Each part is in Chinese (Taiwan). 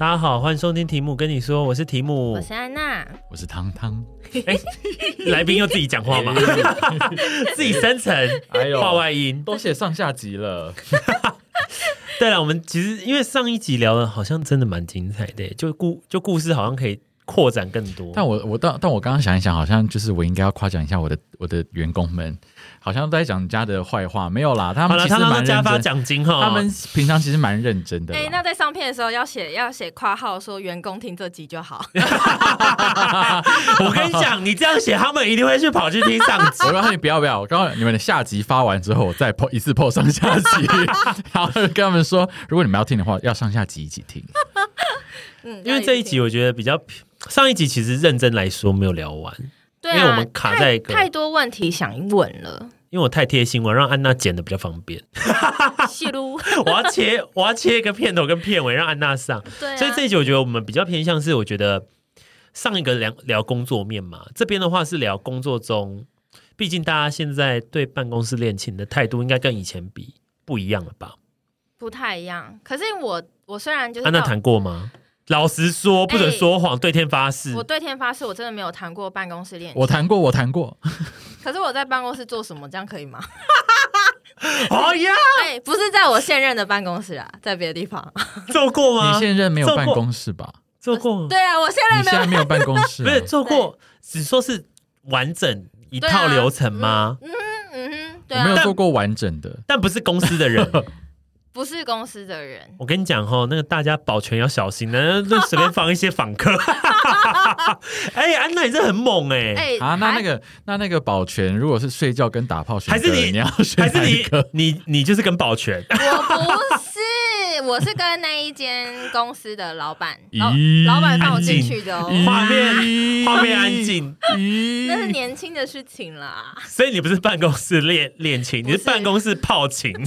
大家好，歡迎收聽題目跟你說，我是題目，我是安娜，我是湯湯。哎、欸， 來賓又自己講話嗎？哎、 自己生成，還、哎、有畫外音都寫上下集了。 對了，我們其實因為上一集聊的，好像真的蠻精彩的，就故就故事好像可以。擴展更多，但我我但但我剛剛想一想，好像就是我應該要誇獎一下我的我的員工們，好像都在講人家的壞話，沒有啦，他們其實他是蠻認真，他們平常其實蠻認真的。哎、欸，那在上片的時候要寫要寫括號說員工聽這集就好。 我跟你講， 你這樣寫，他們一定會去跑去聽上集。 我告訴你不要不要，我剛剛你們的下集發完之後我再 po 一次 po 上下集， 然後跟他們說，如果你們要聽的話，要上下集一起聽。嗯，因為這一集我覺得比較上一集其實認真來說沒有聊完，對啊、因為我們卡在太，太多問題想問了。因為我太貼心，我讓安娜剪得比較方便。哈 哈 是嚕 我要切，我要切一個片頭跟片尾讓安娜上。對、啊，所以這一集我覺得我們比較偏向是，我覺得上一個聊聊工作面嘛，這邊的話是聊工作中，畢竟大家現在對辦公室戀情的態度應該跟以前比不一樣了吧？不太一樣，可是我我雖然就是安娜談過嗎？老實說，不准說謊、欸，對天發誓。我對天發誓，我真的沒有談過辦公室戀情。我談過，我談過。 可是我在辦公室做什麼？這樣可以嗎？啊 呀、oh yeah! 欸！不是在我現任的辦公室啊，在別的地方 做過嗎？你現任沒有辦公室吧？做過？做過呃、對啊，我現任現在沒有辦公室、啊。不是做過，只說是完整一套流程嗎？對啊、嗯嗯，哼嗯哼對、啊，我沒有做過完整的，但，但不是公司的人。 不是公司的人，我跟你講哦，那個大家保全要小心，能隨便放一些訪客。哎、 欸，安娜，你這很猛哎、欸！哎、欸、啊，那那個那那個保全，如果是睡覺跟打炮，還是你，你要選擇你你，你就是跟保全。 我不是。我是跟那一間公司的老闆，老老闆放我進去的哦。畫、啊、面畫面安靜， 那是年輕的事情啦。所以你不是辦公室戀戀情，你是辦公室泡情。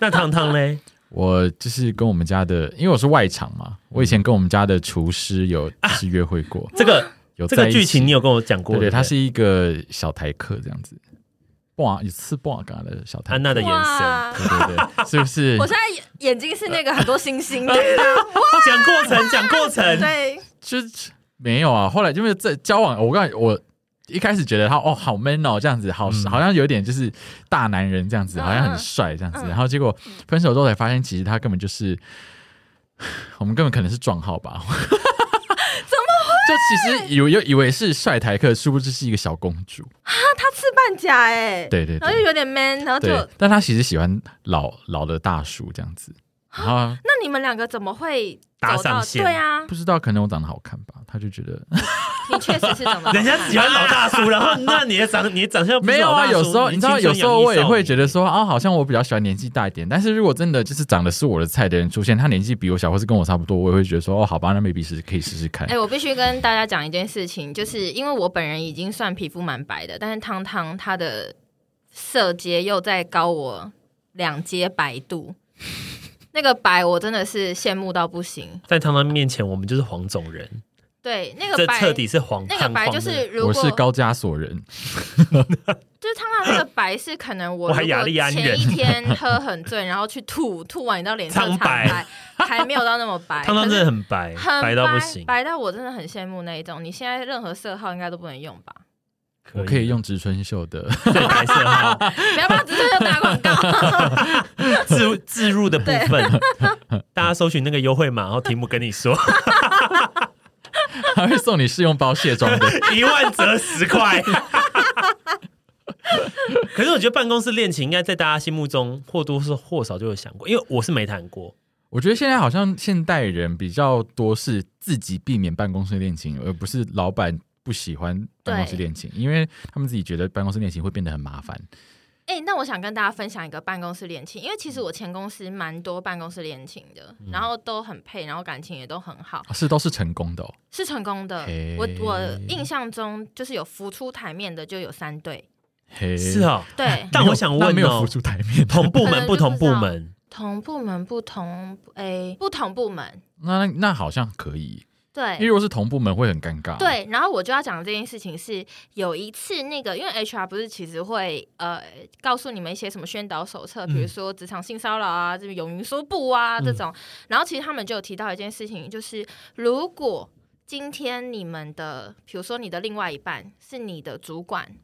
那湯湯嘞，我就是跟我們家的，因為我是外場嘛，我以前跟我們家的廚師有就是約會過。啊、這個有這個劇情，你有跟我講過？對，對，他是一個小台客這樣子。哇，一次 bug 的小，安娜的眼神，對對對，是不是？我現在眼眼睛是那個很多星星的。講 過程，講過程，對，就是沒有啊。後來就是在交往，我剛我一開始覺得他哦好 man 哦，這樣子好、嗯，好像有點就是大男人這樣子，好像很帥這樣子、嗯。然後結果分手之後才發現，其實他根本就是、嗯、 我們根本可能是撞號吧。 就其實有有以為是帥台客，殊不知是一個小公主啊！她刺半甲哎、欸，對，對對，然後又有點 man，然後就，但她其實喜歡老老的大叔這樣子。啊，那你們兩個怎麼會走到一起？對啊，不知道，可能我長得好看吧，他就覺得你確實是長得， 人家喜歡老大叔， 然後那你也長，你長相沒有啊？有時候你知道，有時候我也會覺得說，哦，好像我比較喜歡年紀大一點。但是如果真的就是長得是我的菜的人出現，他年紀比我小，或是跟我差不多，我也會覺得說，哦，好吧，那 maybe 是可以試試看。哎、欸，我必須跟大家講一件事情，就是因為我本人已經算皮膚蠻白的，但是湯湯他的色階又在高我兩階白度。 那個白我真的是羨慕到不行，在湯湯面前我們就是黃種人。對，那個白徹底是黃，那個白就是如果我是高加索人， 就是湯湯那個白是可能我前一天喝很醉，然， 然後去吐吐完，你到臉色蒼白，白 還沒有到那麼白。湯湯真的很白，很白，白到不行，白到我真的很羨慕那一種。你現在任何色號應該都不能用吧？可我可以用植村秀的白色號， 不要把植村秀打廣告。 置入、置入的部分，大家搜尋那個優惠碼，然後題目跟你說，他 會送你試用包卸妝的， 一萬折十塊。 可是我覺得辦公室戀情應該在大家心目中或多或少就有想過，因為我是沒談過。我覺得現在好像現代人比較多是自己避免辦公室戀情，而不是老板。不喜歡辦公室戀情，因為他們自己覺得辦公室戀情會變得很麻煩。哎、欸，那我想跟大家分享一個辦公室戀情，因為其實我前公司蠻多辦公室戀情的、嗯，然後都很配，然後感情也都很好，啊、是都是成功的、哦，是成功的。我我印象中就是有浮出台面的就有三對，嘿是啊、哦，對。但我想問、哦，沒有浮出台面，同部門不同部門，同部門不同誒、欸，不同部門，那那好像可以。對，因為如果是同部門會很尷尬。對，然後我就要講的這件事情是，有一次那個，因為 HR 不是其實會呃告訴你們一些什麼宣導手冊、嗯，比如說職場性騷擾啊，啊，這個勇於說不啊這種、嗯。然後其實他們就有提到一件事情，就是如果今天你們的，比如說你的另外一半是你的主管，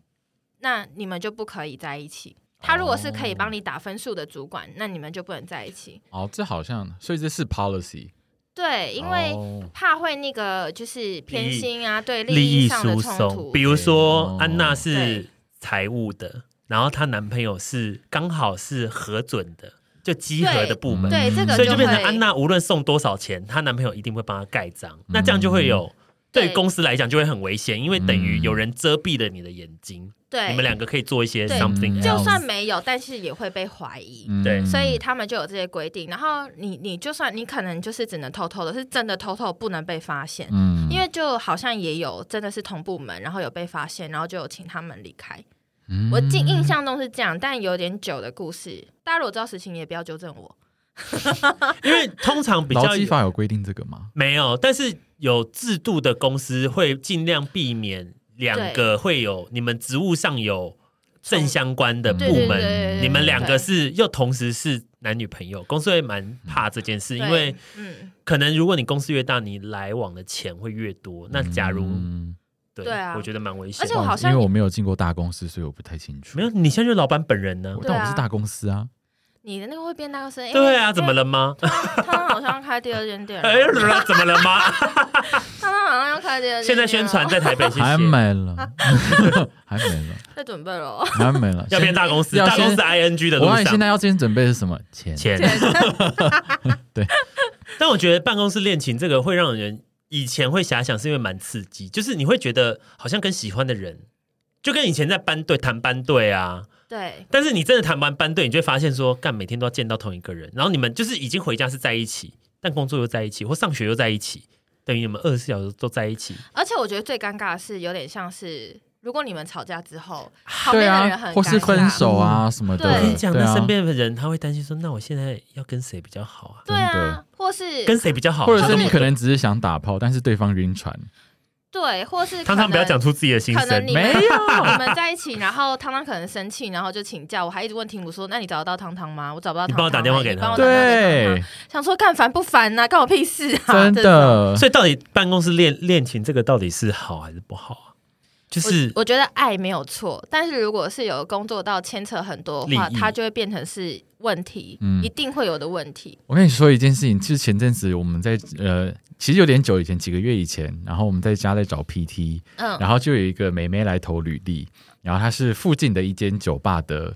那你們就不可以在一起。他如果是可以幫你打分數的主管、哦，那你們就不能在一起。哦，這好像，所以這是 policy。對，因為怕會那個就是偏心啊，利對利益輸送，比如說，安娜是財務的，然後她男朋友是剛好是核准的，就稽核的部門。對，對這個所以就變成安娜無論送多少錢，她男朋友一定會幫她蓋章。嗯、那這樣就會有。對公司來講就會很危險，因為等於有人遮蔽了你的眼睛。對、mm.，你們兩個可以做一些 something。Something 就算沒有，但是也會被懷疑。對、mm.，所以他們就有這些規定。然後你你就算你可能就是只能偷偷的，是真的偷偷不能被發現。嗯、mm.。因為就好像也有真的是同部門，然後有被發現，然後就有請他們離開。Mm. 我記印象中是這樣，但有點久的故事。大家如果知道實情，也不要糾正我。 因為通常比較勞基法有規定這個嗎？沒有，但是有制度的公司會儘量避免兩個會有你們職務上有正相關的部門，嗯、對對對對對對對對你們兩個是又同時是男女朋友，公司會蠻怕這件事，因為可能如果你公司越大，你來往的錢會越多，那假如對，我覺得蠻危險的。因為我沒有進過大公司，所以我不太清楚。沒有，你現在是老板本人呢，我但我們是大公司啊。你的那個會變那個聲音？對啊、欸欸，怎麼了嗎？他們好像要開第二間店。哎，怎麼了嗎？他們好像要開第二間。 現在宣傳在台北，還沒了， 還沒了，在準備了、喔，還沒了，要變大公司，要先大公司 I N G 的。我問你現在要先準備是什麼？錢。錢 對。 但我覺得辦公室戀情這個會讓人以前會遐想，是因為蠻刺激，就是你會覺得好像跟喜歡的人，就跟以前在班對談班對啊。對，但是你真的談完班對，你就會發現說，幹每天都要見到同一個人，然後你們就是已經回家是在一起，但工作又在一起，或上學又在一起，等於你們二十四小時都在一起。而且我覺得最尷尬的是，有點像是如果你們吵架之後，對啊，或是分手啊、嗯、什麼的，講的身邊的人他會擔心說，那我現在要跟誰比較好啊？對啊，或是跟誰比較好，或好，或者是你可能只是想打炮，但是對方暈船。對，或是湯湯不要講出自己的心聲，可能你沒有，你、啊、們在一起，然後湯湯可能生氣，然後就請假。我還一直問婷姆說：“那你找得到湯湯嗎？我找不到湯湯。你他啊”你幫我打電話給他，對，想說幹煩不煩啊？幹我屁事啊！真的。所以到底辦公室戀戀情這個到底是好還是不好啊？就是我，我覺得愛沒有錯，但是如果是有工作到牽扯很多的話，他就會變成是。問題，嗯，一定會有的問題、嗯。我跟你說一件事情，就是前陣子我們在呃，其實有點久以前，幾個月以前，然後我們在家在找 PT，嗯，然後就有一個美眉來投履歷，然後她是附近的一間酒吧的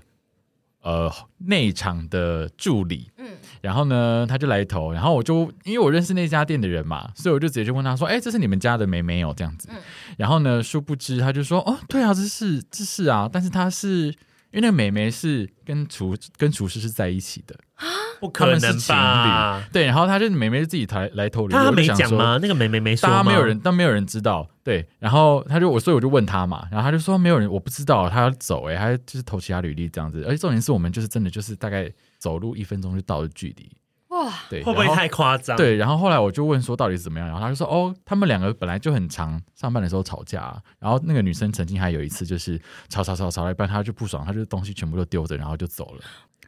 呃內場的助理，嗯，然後呢，她就來投，然後我就因為我認識那家店的人嘛，所以我就直接就問她說，哎、欸，這是你們家的美眉哦，這樣子、嗯，然後呢，殊不知她就說，哦，對啊，這是這是啊，但是她是。因為那個美眉是跟廚跟廚師是在一起的啊，他們是情侶。不可能吧？對，然後他就美眉自己投來，來投履歷，他他沒講嗎？那個美眉沒說嗎？沒有人，但沒有人知道，對，然後他就我，所以我就問他嘛，然後他就說沒有人，我不知道，他要走、欸，誒，他就是投其他履歷這樣子，而且重點是我們就是真的就是大概走路一分鐘就到的距離。哇對，會不會太誇張？對，然後後來我就問說到底怎麼樣？然後他就說哦，他們兩個本來就很常，上班的時候吵架，啊。然後那個女生曾經還有一次就是吵吵吵吵了一半，她就不爽，她就東西全部都丟着，然後就走了。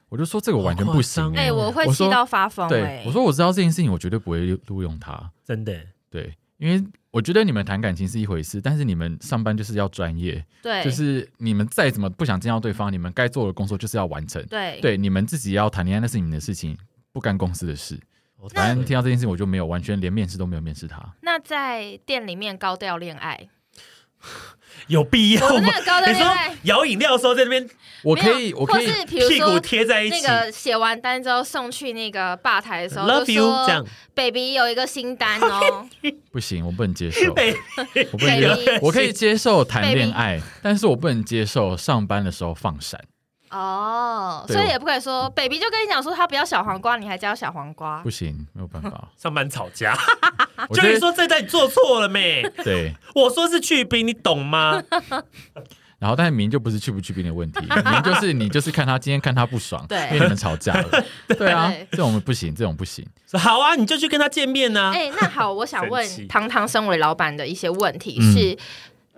我就說這個完全不行，欸，哎，哦，欸，我會氣到發瘋，欸。對，我說我知道這件事情，我絕對不會錄用他，真的。對，因為我覺得你們談感情是一回事，但是你們上班就是要專業，對，就是你們再怎麼不想見到對方，你們該做的工作就是要完成。對，對，你們自己要談戀愛那是你們的事情。不幹公司的事，反正聽到這件事，我就沒有完全，連面試都沒有面試他。那在店裡面高調戀愛 有必要嗎？你說搖飲料的時候在那邊，我可以，我可以，屁股貼在一起，那個寫完單之後送去那個吧台的時候，比、嗯、如說 Love you, baby 有一個新單哦， 不行，我不能接受。baby， 哎我，哎、 我可以接受談戀愛、baby，但是我不能接受上班的時候放閃。哦、oh，所以也不可以說、嗯、，baby 就跟你講說他不要小黃瓜，嗯、你還加小黃瓜，不行，沒有辦法， 上班吵架， 覺得 就是說這代做錯了沒？對， 我說是去冰，你懂嗎？ 然後，但是明就不是去不去冰的問題，明 就是你就是看他 今天看他不爽，對，因為你們吵架了 對，對啊，這種不行，這種不行， 好啊，你就去跟他見面啊。哎、 欸，那好，我想問湯湯身為老闆的一些問題是。嗯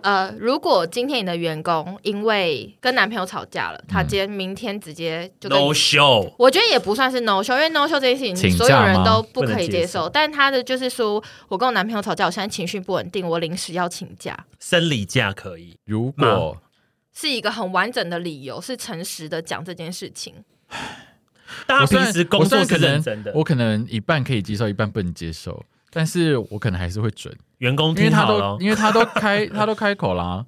呃，如果今天你的員工因為跟男朋友吵架了，他今天明天直接就、嗯、n、no show、我覺得也不算是 no show，因為 no show 這件事情所有人都不可以接受，不能接受。但他的就是說我跟我男朋友吵架，我現在情緒不穩定，我臨時要請假，生理假可以，如果、嗯、是一個很完整的理由，是誠實的講這件事情。 大家，我平時工作可能我可能一半可以接受，一半不能接受。但是我可能還是會准員工因，因為他都因為他都開 他都開口了。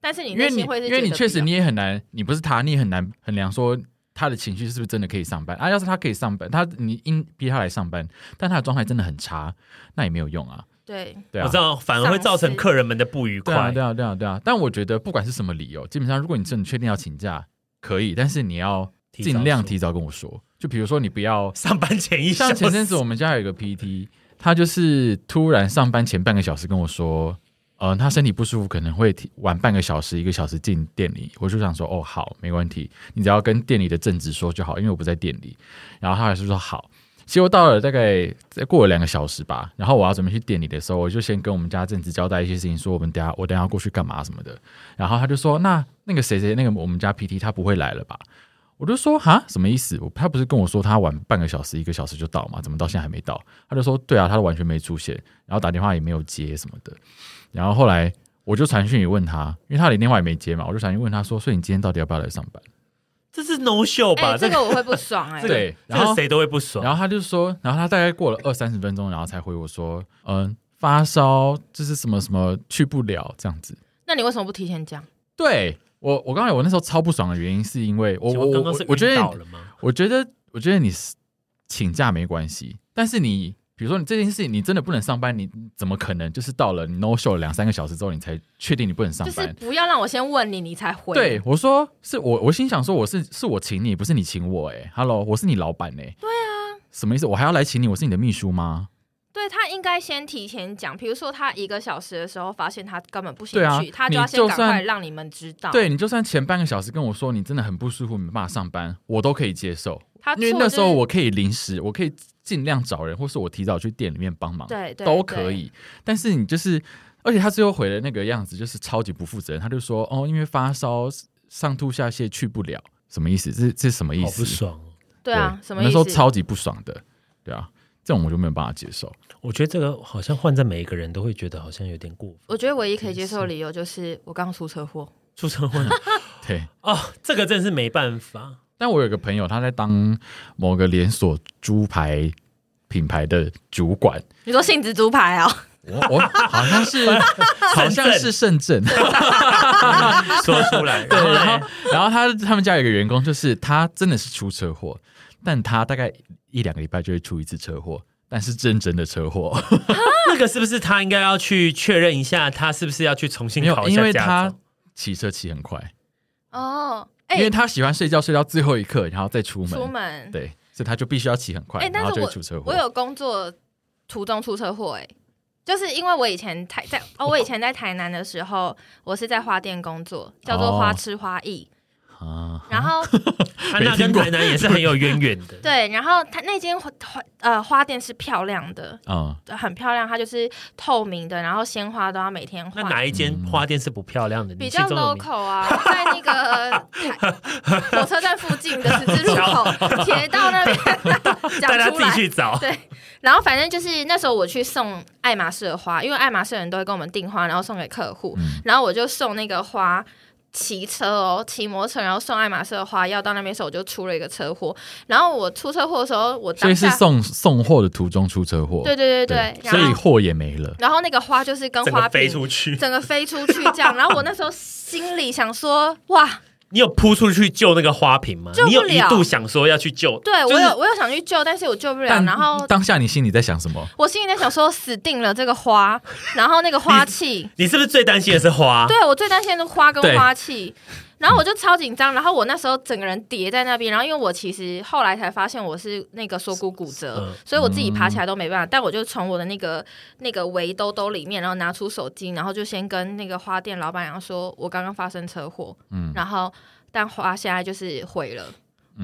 但是你會是因為你因為你確實你也很難，你不是他，你也很難衡量說他的情緒是不是真的可以上班啊？要是他可以上班，他你硬逼他來上班，但他的狀態真的很差，那也沒有用啊。對對啊，我知道，反而會造成客人們的不愉快。對啊對啊，對啊，對，啊，對，啊對啊！但我覺得不管是什麼理由，基本上如果你真的確定要請假，可以，但是你要盡量提早跟我說。就比如說你不要上班前一像前陣子我們家有個 P T。他就是突然上班前半個小時跟我說，嗯、呃，他身體不舒服，可能會晚半個小時、一個小時進店裡。我就想說，哦，好，沒問題，你只要跟店裡的正職說就好，因為我不在店裡。然後他還是說好。結果到了大概再過了兩個小時吧，然後我要準備去店裡的時候，我就先跟我們家正職交代一些事情，說我們等下我等下要過去幹嘛什麼的。然後他就說，那那個誰誰那個我們家 PT 他不會來了吧？我就說哈，什麼意思？他不是跟我說他晚半個小時、一個小時就到嗎？怎麼到現在還沒到？他就說對啊，他都完全沒出現，然後打電話也沒有接什麼的。然後後來我就傳訊息問他，因為他連電話也沒接嘛，我就傳訊息問他說，所以你今天到底要不要來上班？這是 no show 吧？欸、這個我會不爽哎、欸。 對，然後誰、這個、都會不爽。然後他就說，然後他大概過了二三十分鐘，然後才回我說，嗯，發燒，這是什麼什麼去不了這樣子。那你為什麼不提前講？對。我我剛才我那時候超不爽的原因是因為我我我覺得我覺得我覺得你請假沒關係，但是你比如說你這件事情你真的不能上班，你怎麼可能就是到了 no show 了兩三個小時之後你才確定你不能上班？就是不要讓我先問你你才回。對，我說是我我心想說我是是我請你不是你請我哎、欸、，Hello 我是你老板哎、欸，對啊，什麼意思，我還要來請你，我是你的秘書嗎？對，他應該先提前講，比如說他一個小時的時候發現他根本不行，對啊，他就要先趕快讓你們知道。你，對，你就算前半個小時跟我說，你真的很不舒服，沒辦法上班，我都可以接受、就是。因為那時候我可以臨時，我可以盡量找人，或是我提早去店裡面幫忙，對，對都可以對。但是你就是，而且他最後回來的那個樣子就是超級不負責任，他就說哦，因為發燒上吐下瀉去不了，什麼意思？這這是什麼意思？好不爽哦，對，對啊，什麼意思？那時候超級不爽的，對啊。這種我就沒有辦法接受。我覺得這個好像換在每一個人都會覺得好像有點過分。我覺得唯一可以接受的理由就是我剛出車禍。出車禍？對。哦，這個真是沒辦法。但我有個朋友，他在當某個連鎖豬排品牌的主管。嗯、你說杏子豬排啊、哦？我我好像是好像是勝政、 嗯。說出來。 對，對。然後，然後他他們家有個員工，就是他真的是出車禍，但他大概。一兩個禮拜就會出一次車禍，但是真正的車禍， 那個是不是他應該要去確認一下，他是不是要去重新考一下駕照？騎車騎很快哦、欸，因為他喜歡睡覺，睡到最後一刻，然後再出門。出門對，所以他就必須要騎很快、欸但是我，然後就會出車禍。我,我有工作途中出車禍，哎，就是因為我以前台在,在哦，我以前在台南的時候，我是在花店工作，叫做花痴花藝。哦啊、然後，海、啊啊、跟台南也是很有淵源的。 對，然後他那間花呃花店是漂亮的，嗯、很漂亮，它就是透明的，然後鮮花都要每天換。那哪一間花店是不漂亮的，嗯？比較 local 啊，在那個 火車站附近的十字路口，鐵 道那邊，大家自己去找。對，然後反正就是那時候我去送愛馬仕的花，因為愛馬仕的人都會跟我們訂花，然後送給客戶，嗯，然後我就送那個花。騎車哦，騎摩托車，然後送愛馬仕的花要到那邊的時候，我就出了一個車禍。然後我出車禍的時候，我所以是送送貨的途中出車禍。對對對對，對，對，所以貨也沒了。然後那個花就是跟花整個飛出去，整個飛出去這樣。然後我那時候心裡想說， 哇。你有撲出去救那個花瓶嗎？你有一度想說要去救，對、就是、我有，我有想去救，但是我救不了。然後當下你心裡在想什麼？我心裡在想說死定了，這個花， 然後那個花器，你、你是不是最擔心的是花？我、對、我最擔心的是花跟花器。然後我就超緊張，然後我那時候整個人跌在那邊，然後因為我其實後來才發現我是那個鎖骨骨折、嗯，所以我自己爬起來都沒辦法，但我就從我的那個那個圍兜兜裡面，然後拿出手機，然後就先跟那個花店老闆娘說，我剛剛發生車禍，嗯、然後但花現在就是毀了。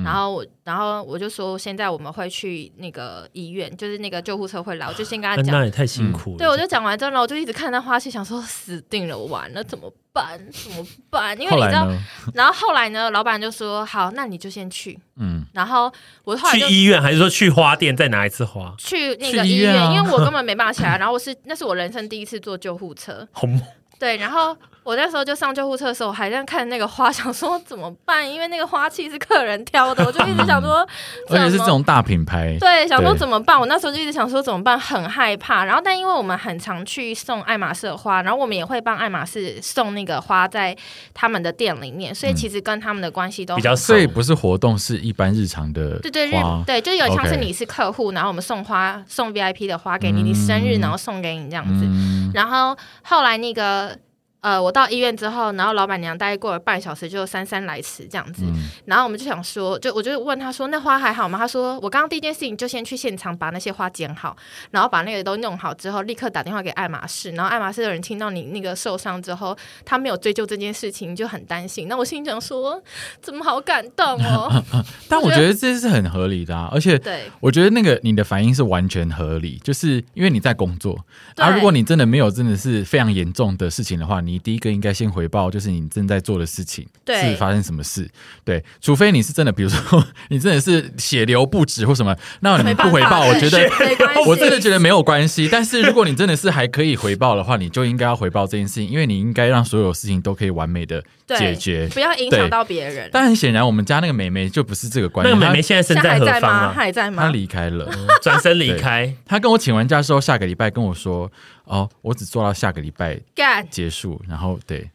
然後我，然後我就說，現在我們會去那個醫院，就是那個救護車會來，我就先跟他講。呃、那也太辛苦了。對，我就講完之後，我就一直看那花去，想說死定了，我完了怎麼辦？怎麼辦？因為你知道，後然後後來呢，老闆就說好，那你就先去。嗯。然後我後來去醫院，還是說去花店再拿一次花？去那個醫院啊啊，因為我根本沒辦法起來。 然後我是那是我人生第一次坐救護車。好。對，然後。我那時候就上救護車的時候，我還在看那個花，想說怎麼辦？因為那個花器是客人挑的， 我就一直想說，而且是這種大品牌，對，想說怎麼辦？我那時候就一直想說怎麼辦，很害怕。然後，但因為我們很常去送愛馬仕的花，然後我們也會幫愛馬仕送那個花在他們的店裡面，所以其實跟他們的關係都很好、嗯、比較。所以不是活動，是一般日常的。對對對，對，就有像是你是客戶，okay。然後我們送花送 VIP 的花給你、嗯，你生日然後送給你這樣子。嗯、然後後來那個。呃，我到醫院之後，然後老闆娘大概過了半小時就姍姍來遲這樣子、嗯。然後我們就想說，就我就問他說：“那花還好嗎？”他說：“我剛剛第一件事情就先去現場把那些花剪好，然後把那個都弄好之後，立刻打電話給愛馬仕。然後愛馬仕的人聽到你那個受傷之後，他沒有追究這件事情，就很擔心。”那我心裡想說：“怎麼好感動哦呵呵呵！”但我覺得這是很合理的，啊。而且我覺得那個你的反應是完全合理，就是因為你在工作。而、啊、如果你真的沒有真的是非常嚴重的事情的話，你第一個應該先回報，就是你正在做的事情，對，是發生什麼事？對，除非你是真的，比如說你真的是血流不止或什麼，那你不回報，我覺得我真的覺得沒有關係。但是如果你真的是還可以回報的話， 你就應該要回報這件事情，因為你應該讓所有事情都可以完美的解決，不要影響到別人。但很顯然，我們家那個妹妹就不是這個關係。那個妹妹現在身在何方嗎？她還在嗎？她離開了，轉 身離開。她跟我請完假之後，下個禮拜跟我說。哦，我只做到下個禮拜結束，Get. 然後對，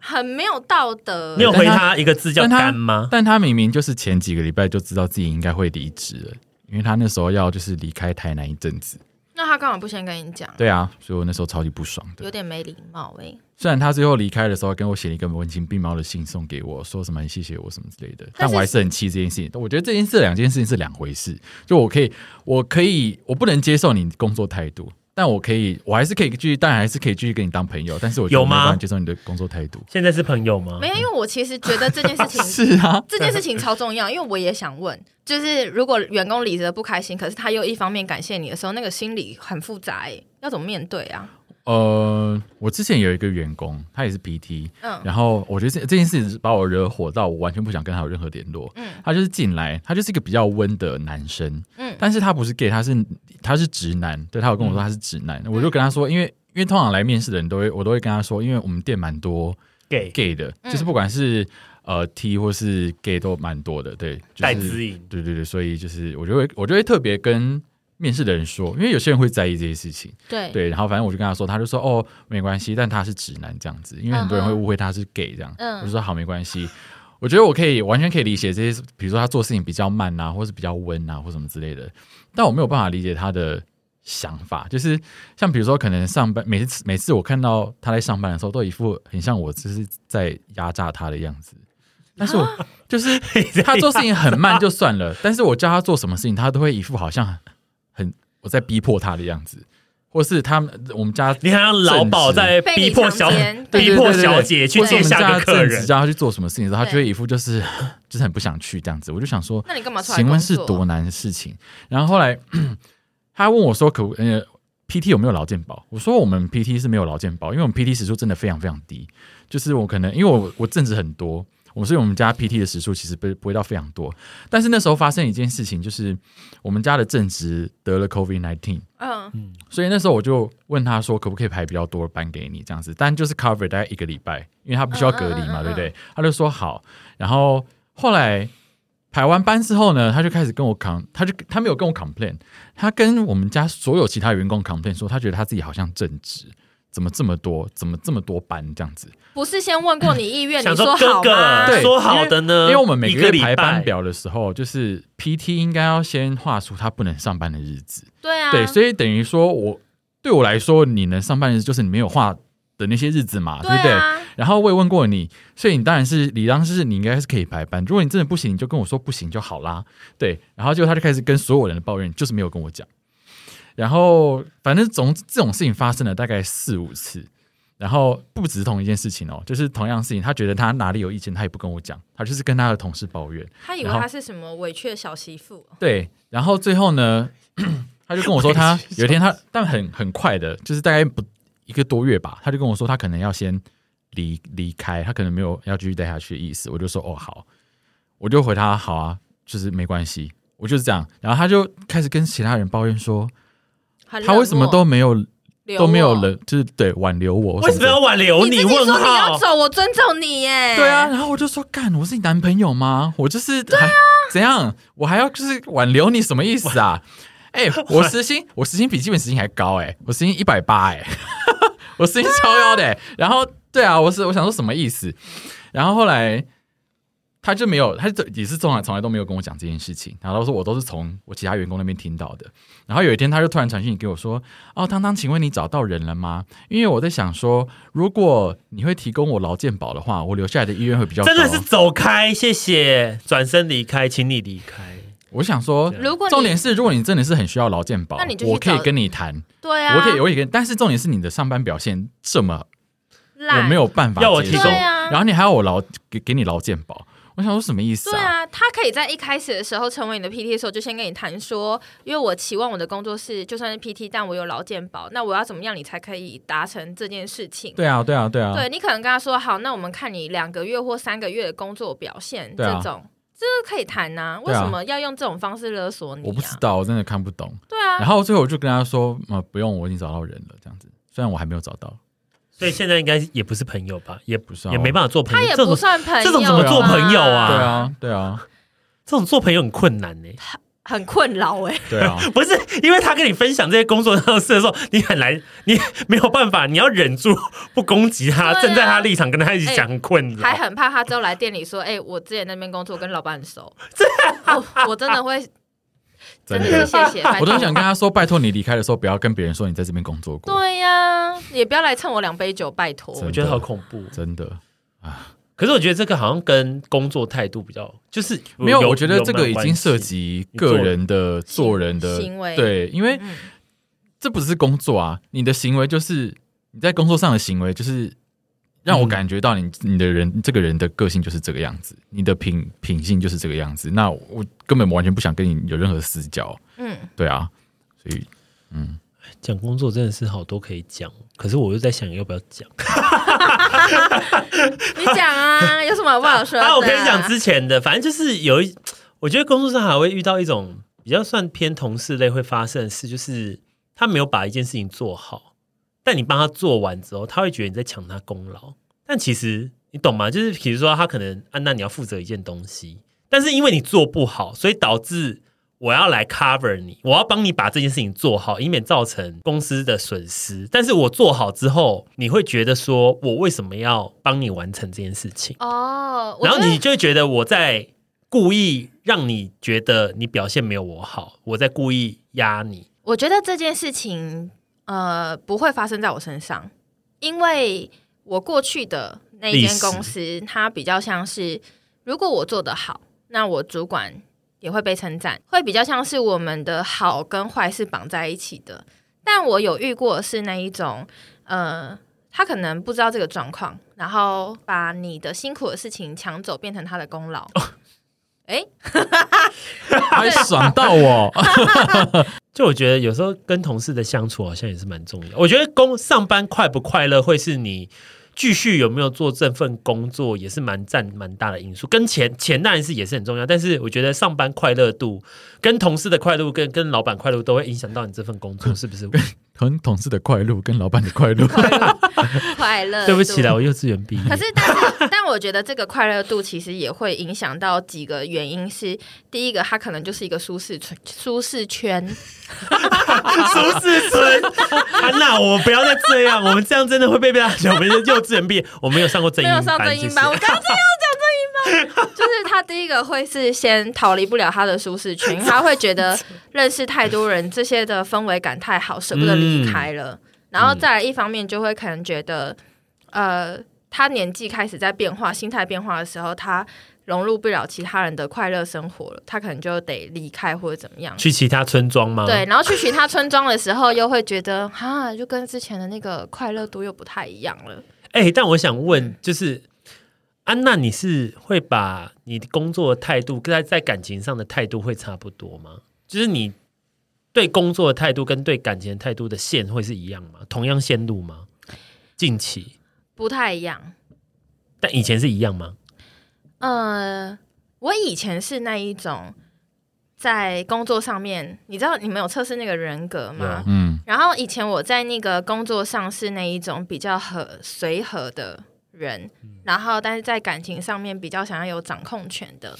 很沒有道德。你有回他一個字叫干“幹”嗎？但他明明就是前幾個禮拜就知道自己應該會離職了，因為他那時候要就是離開台南一陣子。那他幹嘛不先跟你講？對啊，所以我那時候超級不爽的，有點沒禮貌哎、欸。雖然他最後離開的時候跟我寫了一個文情並茂的信，送給我說什麼謝謝我什麼之類的，但，但我還是很氣這件事情。我覺得這件事兩件事情是兩回事，就我可以，我可以，我不能接受你工作態度。但我可以，我還是可以繼續，當然還是可以繼續跟你當朋友。但是我覺得我沒辦法接受你的工作態度。現在是朋友嗎？沒、嗯、有，因為我其實覺得這件事情 是啊，這件事情超重要。因為我也想問，就是如果員工離職不開心， 可是他又一方面感謝你的時候，那個心理很複雜、欸，要怎麼面對啊？呃，我之前有一個員工，他也是 PT，嗯，然後我覺得這這件事把我惹火到，我完全不想跟他有任何聯絡。嗯，他就是進來，他就是一個比較溫的男生，嗯，但是他不是 gay，他是他是直男，對，他有跟我說他是直男，嗯、我就跟他說，嗯、因為因為通常來面試的人都會我都會跟他說，因為我們店蠻多 gay gay 的、嗯，就是不管是呃 T 或是 gay 都蠻多的，對，就是、知影，對對對，所以就是我就會我就會特別跟。面試的人說，因為有些人會在意這些事情，對對，然後反正我就跟他說，他就說哦，沒關係，但他是直男這樣子，因為很多人會誤會他是 gay 這樣，uh -huh. 我就說好沒關係，我覺得我可以完全可以理解這些，比如說他做事情比較慢吶、啊，或是比較溫吶、啊，或什麼之類的，但我沒有辦法理解他的想法，就是像比如說可能上班每次每次我看到他在上班的時候，都一副很像我就是在壓榨他的樣子，但是我、啊、就是他做事情很慢就算了，但是我叫他做什麼事情，他都會一副好像。我在逼迫他的樣子，或是他們，我們家，你看老鴇在逼迫小姐，逼迫小姐去做我們家正職，叫他去做什麼事情，然後他覺得一副就是就是很不想去這樣子。我就想說，那你幹嘛出來請問是多難的事情？然後後來他問我說可：“可呃，PT 有沒有勞健保？”我說：“我們 PT 是沒有勞健保，因為我們 PT 時數真的非常非常低，就是我可能因為我我正職很多。”我所以我們家 PT 的時數其實不不會到非常多，但是那時候發生一件事情，就是我們家的正職得了 COVID nineteen，嗯、uh. 所以那時候我就問他說，可不可以排比較多的班給你這樣子，但就是 cover 大概一個禮拜，因為他不需要隔離嘛，uh, uh, uh, uh. 對不對？他就說好，然後後來排完班之後呢，他就開始跟我 com 他就他沒有跟我 complain，他跟我們家所有其他員工 complain 說他覺得他自己好像正職。怎麼這麼多？怎麼這麼多班這樣子？不是先問過你意願、嗯，你說好嗎？對，說好的呢？因為我們每個禮拜排班表的時候，就是 PT 應該要先畫出他不能上班的日子。對啊。對，所以等於說我對我來說，你能上班的日子就是你沒有畫的那些日子嘛對、啊，對不對？然後我也問過你，所以你當然是理當是你應該是可以排班。如果你真的不行，你就跟我說不行就好啦。對，然後就他就開始跟所有人的抱怨，就是沒有跟我講。然後反正總這種事情發生了大概四五次，然後不止同一件事情哦，就是同樣事情，他覺得他哪裡有意見，他也不跟我講，他就是跟他的同事抱怨。他以為他，他，以為他是什麼委屈的小媳婦，哦。對，然後最後呢， 他就跟我說，他有一天他 但很很快的，就是大概不一個多月吧，他就跟我說他可能要先離離開，他可能沒有要繼續待下去的意思。我就說哦好，我就回他好啊，就是沒關係，我就是這樣。然後他就開始跟其他人抱怨說。他為什麼都沒有都沒有人，就是對挽留我？為什麼要挽留你？為什麼你要走，我尊重你耶。對啊，然後我就說，幹，我是你男朋友嗎？我就是對、啊、怎樣？我還要就是挽留你什麼意思啊？哎、欸，我時薪我，我時薪比基本時薪還高哎、欸，我時薪一百八哎， 我時薪超高的、欸啊。然後對啊，我是我想說什麼意思？然後後來。他就沒有，他也是從來從來都沒有跟我講這件事情，然後說我都是從我其他員工那邊聽到的。然後有一天，他就突然傳訊給我說：“哦，湯湯，請問你找到人了嗎？”因為我在想說，如果你會提供我勞健保的話，我留下來的意願會比較真的是走開，謝謝，轉身離開，請你離開。我想說，如果重點是，如果你真的是很需要勞健保，那你就我可以跟你談。對啊，我可以我也跟，但是重點是你的上班表現這麼爛，我沒有辦法要我接受。然後你還要我勞給給你勞健保。我想說什麼意思啊？對啊，他可以在一開始的時候成為你的 PT 的時候，就先跟你談說，因為我期望我的工作是就算是 PT，但我有勞健保，那我要怎麼樣你才可以達成這件事情？對啊，對啊，對啊。對，你可能跟他說，好，那我們看你兩個月或三個月的工作表現，啊、這種這個可以談吶、啊。為什麼要用這種方式勒索你、啊啊？我不知道，我真的看不懂。對啊。然後最後我就跟他說，呃、嗯，不用，我已經找到人了，這樣子，雖然我還沒有找到。所以現在應該也不是朋友吧，也不是，啊，也沒辦法做朋友。他也不算朋友這，這種怎麼做朋友啊？對啊，對啊，啊、這種做朋友很困難呢、欸，很困擾哎。對啊， 不是因為他跟你分享這些工作上的事的時候，你很來，你沒有辦法，你要忍住不攻擊他，站、啊、在他立場跟他一起講，困、欸、難，還很怕他之後來店裡說：“哎、欸，我之前那邊工作跟老闆很熟。 ”這，我真的會。真的,真的謝謝，我都想跟他說，拜托你離開的時候，不要跟別人說你在這邊工作過。對呀，啊，也不要來蹭我兩杯酒，拜托。我覺得好恐怖哦，真的，啊，可是我覺得這個好像跟工作態度比較，就是有沒有。我覺得這個已經涉及個人的做人的行,行為，對，因為這不是工作啊，你的行為就是你在工作上的行為就是。嗯讓我感覺到你，你的人，這個人的個性就是這個樣子，你的品品性就是這個樣子。那我，我根本完全不想跟你有任何私交。嗯，對啊，所以，嗯，講工作真的是好多可以講，可是我又在想要不要講。 你講啊， 有什麼好不好說的？啊，但我可以講之前的，反正就是有一，我覺得工作上還會遇到一種比較算偏同事類會發生的事，就是他沒有把一件事情做好。但你幫他做完之後，他會覺得你在搶他功勞。但其實你懂嗎？就是比如說，他可能啊，那你要負責一件東西，但是因為你做不好，所以導致我要來 cover 你，我要幫你把這件事情做好，以免造成公司的損失。但是我做好之後，你會覺得說我為什麼要幫你完成這件事情？哦、oh，我覺得，然後你就會覺得我在故意讓你覺得你表現沒有我好，我在故意壓你。我覺得這件事情。呃，不會發生在我身上，因為我過去的那一間公司，它比較像是，如果我做得好，那我主管也會被稱讚，會比較像是我們的好跟壞是綁在一起的。但我有遇過的是那一種，呃，他可能不知道這個狀況，然後把你的辛苦的事情搶走，變成他的功勞。哦哎、欸， 還爽到我，喔！ 就我覺得有時候跟同事的相處好像也是蠻重要。我覺得工上班快不快樂會是你繼續有沒有做這份工作，也是蠻佔蠻大的因素。跟錢錢當然是也是很重要，但是我覺得上班快樂度、跟同事的快樂、跟跟老闆快樂都會影響到你這份工作，是不是？ 跟同，同事的快樂，跟老闆的快樂，快樂， 對不起啦，我幼稚園畢業。可是，但是， 但我覺得這個快樂度其實也會影響到幾個原因是，是第一個，他可能就是一個舒適圈， 舒適適圈存。那、 啊、 我不要再這樣， 我，這樣 我們這樣真的會被被他小朋友幼稚園畢業， 我沒有上過正音班，沒有上正音班 我剛正要。就是他第一個會是先逃離不了他的舒適圈，他會覺得認識太多人，這些的氛圍感太好，捨不得離開了，嗯。然後再來一方面，就會可能覺得，嗯、呃，他年紀開始在變化，心態變化的時候，他融入不了其他人的快樂生活了，他可能就得離開或者怎麼樣，去其他村莊嗎？對，然後去其他村莊的時候，又會覺得哈， 就跟之前的那個快樂度又不太一樣了。哎、欸，但我想問，就是。嗯安娜，你是會把你的工作態度跟在在感情上的態度會差不多嗎？就是你對工作的態度跟對感情的態度的線會是一樣嗎？同樣線路嗎？近期不太一樣，但以前是一樣嗎？呃，我以前是那一種在工作上面，你知道你們有測試那個人格嗎？嗯。然後以前我在那個工作上是那一種比較和隨和的。人，然後，但是在感情上面比較想要有掌控權的。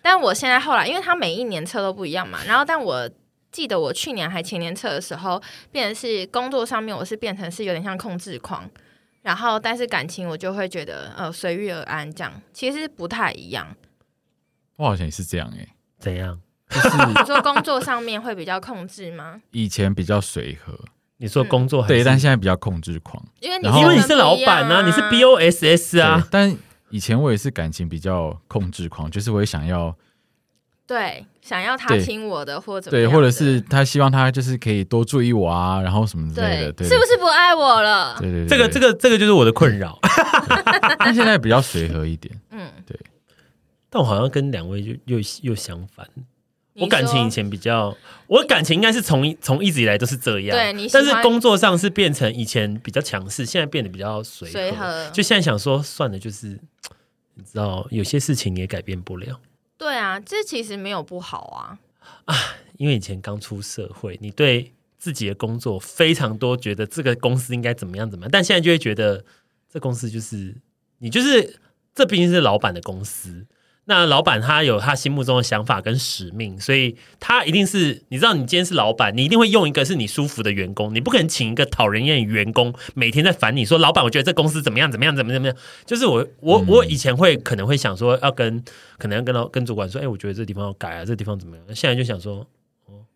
但我現在後來，因為他每一年測都不一樣嘛，然後，但我記得我去年還前年測的時候，變成是工作上面我是變成是有點像控制狂，然後，但是感情我就會覺得呃隨遇而安這樣，其實不太一樣。我好像也是這樣哎，欸，怎樣？就是、 你說工作上面會比較控制嗎？以前比較隨和。你說工作很、嗯、對，但現在比較控制狂，因為你因為你是老闆啊，啊你是 B O S S 啊。但以前我也是感情比較控制狂，就是我也想要對想要他聽我的或者對，對，或者是他希望他就是可以多注意我啊，然後什麼之類的，對對對，是不是不愛我了？對對對、對、對，這個這個這個就是我的困擾。嗯、 但現在比較隨和一點，嗯，對。但我好像跟兩位就又又、又相反。我感情以前比較，我感情應該是從從一直以來都是這樣，但是工作上是變成以前比較強勢，現在變得比較隨和。隨和就現在想說，算了，就是你知道，有些事情也改變不了。對啊，這其實沒有不好啊啊！因為以前剛出社會，你對自己的工作非常多，覺得這個公司應該怎麼樣怎麼樣，但現在就會覺得這公司就是你就是這畢竟是老闆的公司。那老闆他有他心目中的想法跟使命，所以他一定是你知道，你今天是老闆，你一定會用一個是你舒服的員工，你不可能請一個討人厭員工，每天在煩你說，嗯、老闆，我覺得這公司怎麼樣，怎麼樣，怎麼怎麼樣？就是我，我，我以前會可能會想說，要跟可能要跟到跟主管說，哎，我覺得這地方要改啊，這地方怎麼樣？現在就想說。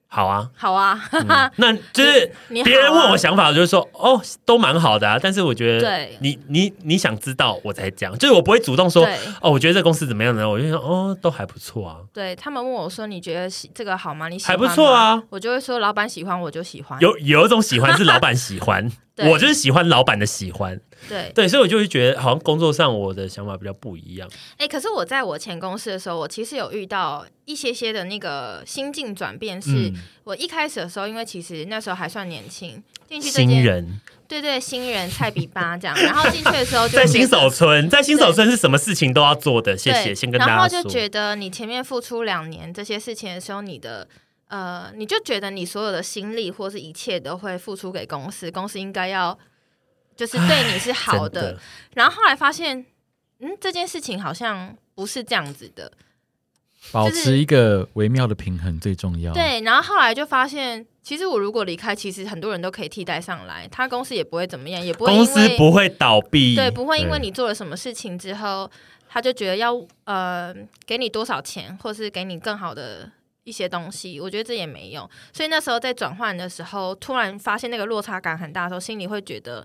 好啊，好啊，哈、嗯、哈。那就是別人問我想法就會，就是說哦，都蠻好的啊。但是我覺得，對，你你你想知道我才講，就是我不會主動說哦，我覺得這公司怎麼樣呢？我就想哦，都還不錯啊。對，他們問我說你覺得這個好嗎？你喜歡，還不錯啊，我就會說老闆喜歡我就喜歡。有有一種喜歡是老闆喜歡。 對我就是喜歡老闆的喜歡，對對，所以我就會覺得好像工作上我的想法比較不一樣。哎、欸，可是我在我前公司的時候，我其實有遇到一些些的那個心境轉變是，是、嗯、我一開始的時候，因為其實那時候還算年輕，進去新人，對，對對，新人菜比八這樣， 然後進去的時候就在新手村，在新手村是什麼事情都要做的，謝謝先跟大家說，然後就覺得你前面付出兩年這些事情的時候，你的。呃，你就覺得你所有的心力或是一切都會付出給公司，公司應該要就是對你是好的。真的。然後後來發現，嗯，這件事情好像不是這樣子的。保持一個微妙的平衡最重要。就是，對，然後後來就發現，其實我如果離開，其實很多人都可以替代上來，他公司也不會怎麼樣，也不會公司不會倒閉，對，不會因為你做了什麼事情之後，他就覺得要呃給你多少錢，或是給你更好的。一些東西，我覺得這也沒用，所以那時候在轉換的時候，突然發現那個落差感很大的時候，心裡會覺得，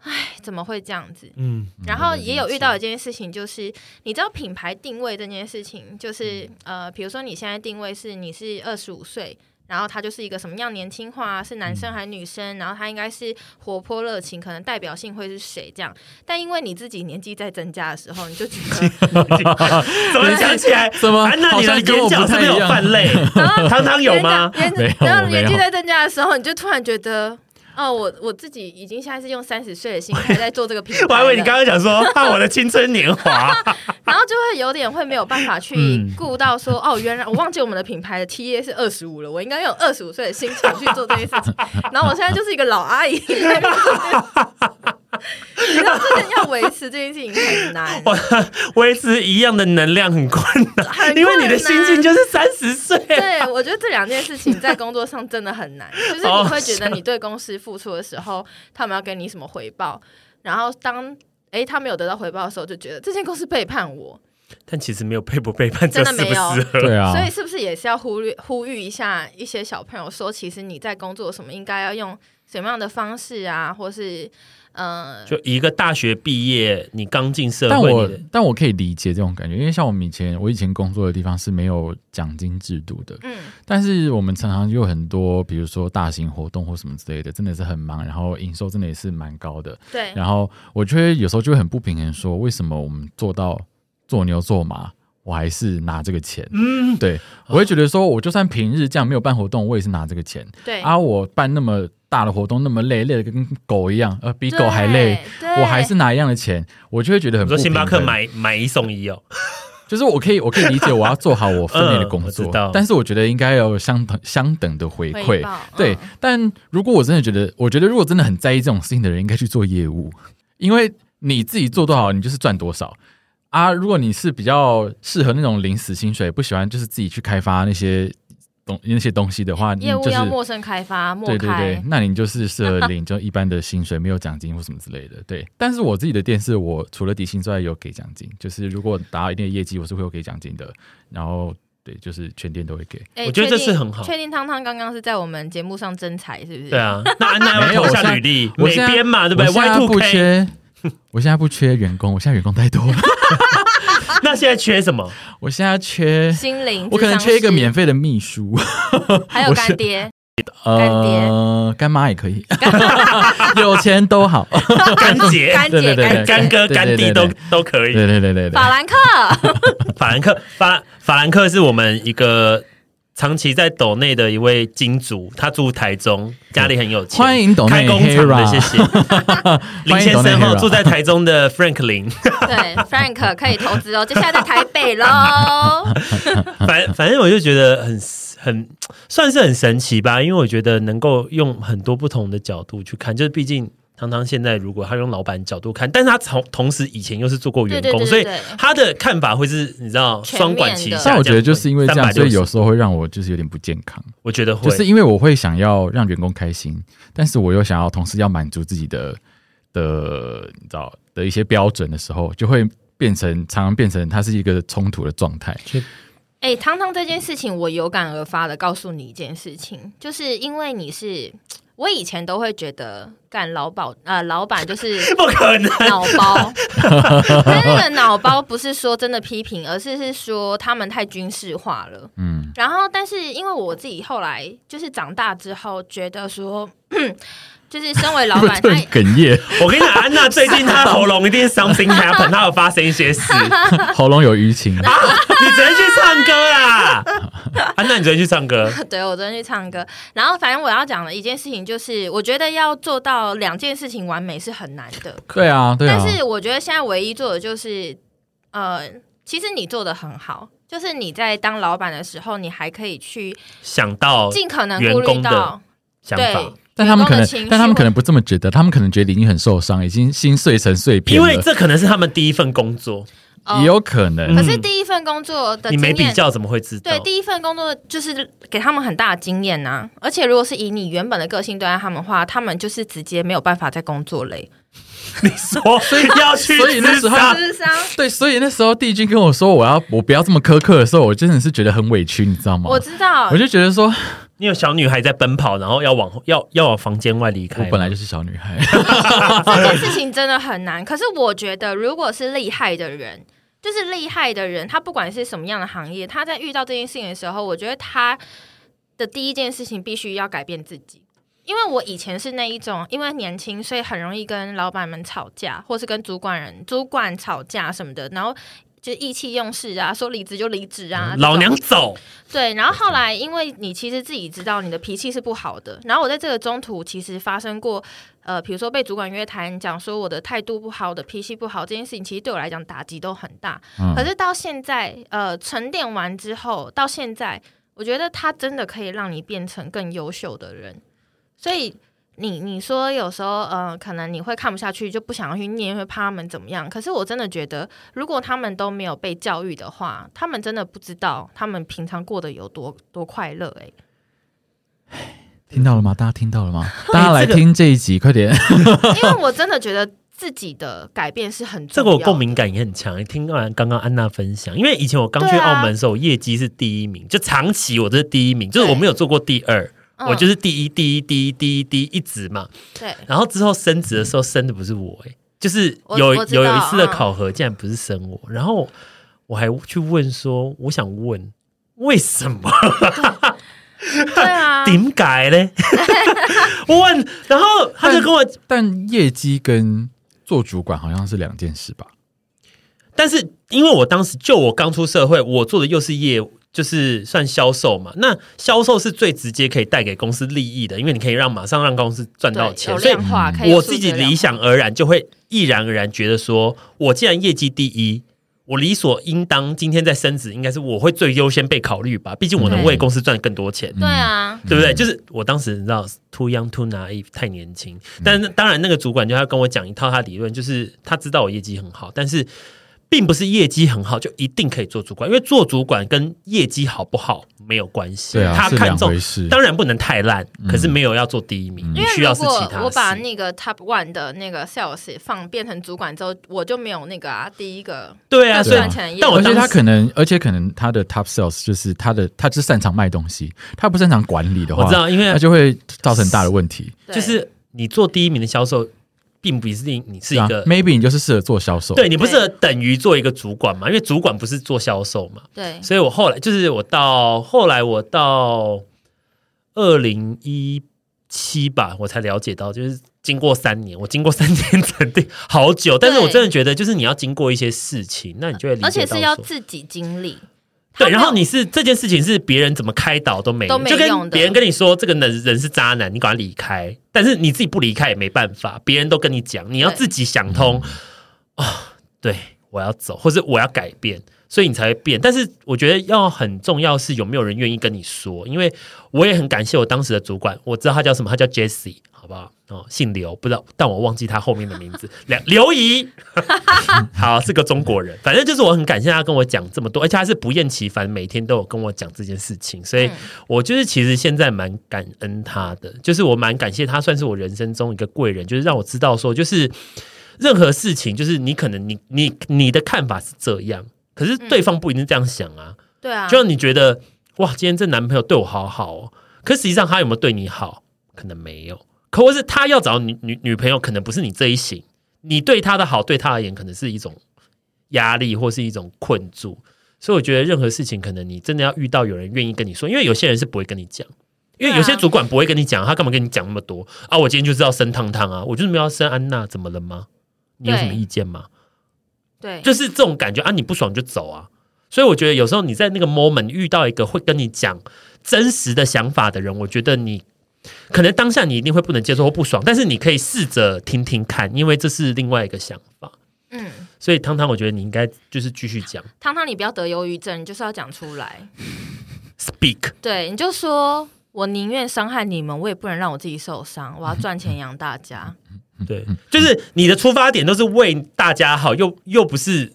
哎，怎麼會這樣子？嗯，嗯，然後也有遇到一件事情，就是、嗯、你知道品牌定位這件事情，就是、嗯、呃，比如說你現在定位是你是二十五歲。然後他就是一個什麼樣年輕化，啊，是男生還是女生，嗯？然後他應該是活潑熱情，可能代表性會是誰這樣？但因為你自己年紀在增加的時候，你就覺得 你 怎麼想起來？怎 麼，啊？那你的好像你跟講特別有范類？然後常常有嗎？然後年紀在增加的時候， 你就突然覺得。哦，我我自己已經現在是用三十歲的心態在做這個品牌。我還以為你剛剛講說看我的青春年華， 然後就會有點會沒有辦法去顧到說，嗯、哦，原來我忘記我們的品牌的 TA 是二十五了，我應該用二十五歲的心情去做這些事情。 然後我現在就是一個老阿姨。 你知道要維持這件事情很難，維持一樣的能量很困難，困難因為你的心境就是三十歲。對我覺得這兩件事情在工作上真的很難， 就是你會覺得你對公司付出的時候，他們要給你什麼回報？然後當哎他沒有得到回報的時候，就覺得這間公司背叛我。但其實沒有背不背叛適不適合，真的沒有，對啊。所以是不是也是要呼籲呼籲一下一些小朋友說，說其實你在工作什麼應該要用什麼樣的方式啊，或是？嗯，就一個大學畢業，你剛進社會，但我但我可以理解這種感覺，因為像我們以前，我以前工作的地方是沒有獎金制度的，嗯，但是我們常常就有很多，比如說大型活動或什麼之類的，真的是很忙，然後營收真的也是蠻高的，對，然後我就會有時候就會很不平衡，說為什麼我們做到做牛做馬。我還是拿這個錢，嗯，對，我會覺得說，我就算平日這樣沒有辦活動，嗯、我也是拿這個錢，對啊，我辦那麼大的活動，那麼累，累得跟狗一樣，呃，比狗還累我還，我還是拿一樣的錢，我就會覺得很。說星巴克買買一送一哦、喔，就是我可以，我可以理解，我要做好我分內的工作、 嗯，但是我覺得應該要有相等相等的回饋，對、嗯。但如果我真的覺得，我覺得如果真的很在意這種事情的人，應該去做業務，因為你自己做多少，你就是賺多少。啊，如果你是比較適合那種臨時薪水，不喜歡就是自己去開發那些東那些東西的話你、就是，業務要陌生開發，陌生對對對，那你就是適合領就一般的薪水，沒有獎金或什麼之類的。對，但是我自己的店是我除了底薪之外有給獎金，就是如果達到一定的業績，我是會有給獎金的。然後對，就是全店都會給。欸、我覺得這是很好。確定，定湯湯剛剛是在我們節目上徵才是不是？對啊，那那要投一下履歷，哪邊嘛對不對？Y t 我現在不缺員工，我現在員工太多了。 那現在缺什麼？我現在缺心靈，我可能缺一個免費的秘書，還有乾爹，乾爹、呃，乾媽也可以，有錢都好， 乾姐、乾姐、乾哥、乾弟都都可以。對對對對對，法蘭克， 克，法蘭克，法蘭，法蘭克是我們一個。長期在斗內的一位金主，他住台中，家裡很有錢，對歡迎開工廠的，謝謝 林先生哈，住在台中的 Frank 林，對 Frank 可以投資哦，接下來在台北嘍。 反反正我就覺得很很，很算是很神奇吧，因為我覺得能夠用很多不同的角度去看，就是畢竟。湯湯現在，如果他用老闆的角度看，但是他從同時以前又是做過員工，對對對對對，所以他的看法會是你知道雙管齊下。我覺得就是因為這樣，所以有時候會讓我就是有點不健康。我覺得會就是因為我會想要讓員工開心，但是我又想要同時要滿足自己的的你知道的一些標準的時候，就會變成常常變成它是一個衝突的狀態。哎，湯湯這件事情，我有感而發的告訴你一件事情，就是因為你是。我以前都會覺得干老保，呃，老闆就是不可能腦包。 那個腦包不是說真的批評，而是是說他們太軍事化了。嗯，然後但是因為我自己後來就是長大之後覺得說，就是身為老闆， 哽咽。我跟你講， 安娜最近她喉嚨一定是 something happen，她有發生一些事， 喉嚨有淤青啊，你只能去唱歌啦。 那你昨天去唱歌？對，我昨天去唱歌。然後，反正我要講的一件事情就是，我覺得要做到兩件事情完美是很難的。對啊，對啊。但是我覺得現在唯一做的就是，呃，其實你做的很好，就是你在當老板的時候，你還可以去想到盡可能顧慮到想法。但他們可能，但他們可能不這麼覺得，他們可能覺得已經很受傷，已經心碎成碎片，因為這可能是他們第一份工作。Oh, 也有可能，可是第一份工作的、嗯、你沒比較怎麼會知道？對，第一份工作就是給他們很大的經驗吶、啊。而且如果是以你原本的個性對待他們的話，他們就是直接沒有辦法再工作嘞。你說， 所以要去，所以那時候，對，所以那時候帝君跟我說，我要我不要這麼苛刻的時候，我真的是覺得很委屈，你知道嗎？我知道，我就覺得說，你有小女孩在奔跑，然後要往要要往房間外離開，我本來就是小女孩。 這件事情真的很難。可是我覺得，如果是厲害的人。就是厲害的人，他不管是什麼樣的行業，他在遇到這件事情的時候，我覺得他的第一件事情必須要改變自己。因為我以前是那一種，因為年輕，所以很容易跟老板們吵架，或是跟主管人、主管吵架什麼的，然後。就意氣用事啊，說離職就離職啊、嗯，老娘走。對，然後後來因為你其實自己知道你的脾氣是不好的，然後我在這個中途其實發生過，呃，比如說被主管約談，講說我的態度不好，我的脾氣不好這件事情，其實對我來講打擊都很大、嗯。可是到現在，呃，沉澱完之後，到現在，我覺得它真的可以讓你變成更優秀的人，所以。你你說有時候嗯、呃，可能你會看不下去，就不想要去念，因為怕他們怎麼樣。可是我真的覺得，如果他們都沒有被教育的話，他們真的不知道他們平常過得有多多快樂。哎，聽到了嗎？大家聽到了嗎？ 哎這個、大家來聽這一集，快點！ 因為我真的覺得自己的改變是很重要。這個，我共鳴感也很強。聽完剛剛安娜分享，因為以前我剛去澳門的時候，啊、我業績是第一名，就長期我這是第一名，就是我沒有做過第二。我就是第一，第一，第一，第一，第一，一直嘛。對。然後之後升職的時候升的不是我哎、欸，就是有、啊、有一次的考核竟然不是升我，然後我還去問說，我想問為什麼？對，對啊，點解呢？我問，然後他就跟我，但，但業績跟做主管好像是兩件事吧？但是因為我當時就我剛出社會，我做的又是業務。就是算銷售嘛，那銷售是最直接可以帶給公司利益的，因為你可以讓馬上讓公司賺到錢。所以我自己理想而然就會毅然而然覺得說，我既然業績第一，我理所應當今天在升職，應該是我會最優先被考慮吧。畢竟我能為公司賺更多錢，對啊，對不對？對啊。就是我當時你知道 too young too naive 太年輕，但當然那個主管就要跟我講一套他理論，就是他知道我業績很好，但是。並不是業績很好就一定可以做主管，因為做主管跟業績好不好沒有關係。對啊，他看重，是兩回事。當然不能太爛，嗯，可是沒有要做第一名，嗯，需要是其他事。因為如果我把那個 top one 的那個 sales 放變成主管之後，我就沒有那個啊第一個。對啊，所以、啊、但我覺得他可能，而且可能他的 top sales 就是他的，他是擅長賣東西，他不擅長管理的話，我知道，因為他就會造成大的問題。是，就是你做第一名的銷售。並不一定，你是一個，maybe 你就是適合做銷售。對你不適合等於做一個主管嘛？因為主管不是做銷售嘛？對。所以我後來就是我到後來我到二零一七吧，我才了解到，就是經過三年，我經過三年沉澱好久，但是我真的覺得，就是你要經過一些事情，那你就會理解到，而且是要自己經歷。對，然後你是這件事情是別人怎麼開導都沒，都沒用的，就跟別人跟你說這個人，人是渣男，你管，他離開，但是你自己不離開也沒辦法，別人都跟你講，你要自己想通啊，對、哦、對，我要走，或是我要改變，所以你才會變。但是我覺得要很重要是有沒有人願意跟你說，因為我也很感謝我當時的主管，我知道他叫什麼，他叫 Jessie。哦，姓劉不知道，但我忘記他後面的名字。劉 劉劉姨， 好，是個中國人。反正就是我很感謝他跟我講這麼多，而且他是不厭其煩，每天都有跟我講這件事情。所以，我就是其實現在蠻感恩他的，嗯、就是我蠻感謝他，算是我人生中一個貴人，就是讓我知道說，就是任何事情，就是你可能你你你的看法是這樣，可是對方不一定這樣想啊。嗯、對啊，就像你覺得哇，今天這男朋友對我好好哦、喔，可實際上他有沒有對你好？可能沒有。可或是他要找女女女朋友，可能不是你這一型。你對他的好，對他而言可能是一種壓力，或是一種困住。所以我覺得任何事情，可能你真的要遇到有人願意跟你說，因為有些人是不會跟你講，因為有些主管不會跟你講，他幹嘛跟你講那麼多啊？我今天就知道升湯湯啊，我就是沒有升安娜，怎麼了嗎？你有什麼意見嗎？對，就是這種感覺啊！你不爽就走啊！所以我覺得有時候你在那個 moment 遇到一個會跟你講真實的想法的人，我覺得你。可能當下你一定會不能接受或不爽，但是你可以試着聽聽看，因為這是另外一個想法。嗯，所以湯湯，我覺得你應該就是繼續講。湯湯，你不要得憂鬱症，你就是要講出來，speak。 對，你就說我寧願傷害你們，我也不能讓我自己受傷。我要賺錢養大家。 對，就是你的出發點都是為大家好，又又不是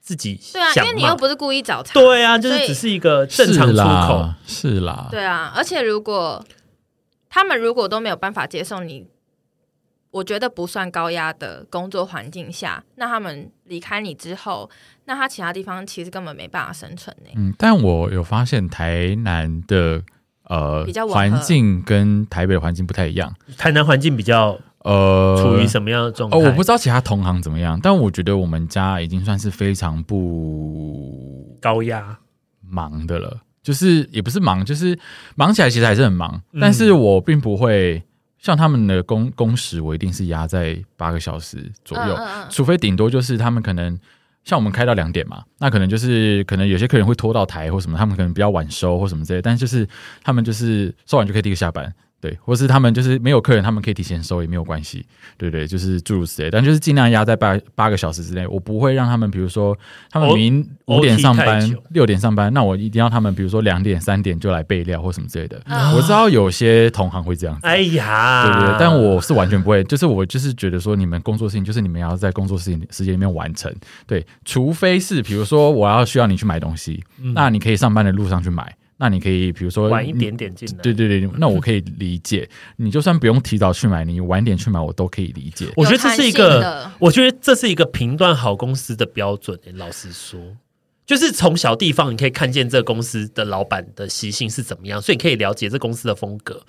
自己想。對啊，因為你又不是故意找茬。對啊，就是只是一個正常出口。是啦，是啦。對啊，而且如果。他們如果都沒有辦法接受你，我覺得不算高壓的工作環境下，那他們離開你之後，那他其他地方其實根本沒辦法生存呢。嗯，但我有發現台南的呃比較環境跟台北的環境不太一樣，台南環境比較呃處於什麼樣的狀況呃？哦，我不知道其他同行怎麼樣，但我覺得我們家已經算是非常不高壓、忙的了。就是也不是忙，就是忙起來其實還是很忙，但是我並不會像他們的工工時，我一定是壓在八個小時左右，嗯、除非頂多就是他們可能像我們開到兩點嘛，那可能就是可能有些客人會拖到台或什麼，他們可能比較晚收或什麼之類，但是就是他們就是收完就可以第一個下班。對，或是他們就是沒有客人，他們可以提前收也沒有關係。對，對對，就是諸如此類，但就是儘量壓在八八個小時之內。我不會讓他們，比如說他們明五點上班，六點上班，那我一定要他們，比如說兩點、三點就來備料或什麼之類的。Oh, 我知道有些同行會這樣子，哎呀，對，對對。但我是完全不會，就是我就是覺得說，你們工作事情就是你們要在工作事情時間裡面完成。對，除非是比如說我要需要你去買東西，嗯，那你可以上班的路上去買。那你可以，比如說晚一點點進來，對對對，那我可以理解。你就算不用提早去買，你晚點去買，我都可以理解。我覺得這是一個，我覺得這是一個評斷好公司的標準，欸，老實說，就是從小地方你可以看見這公司的老闆的習性是怎麼樣，所以你可以了解這公司的風格。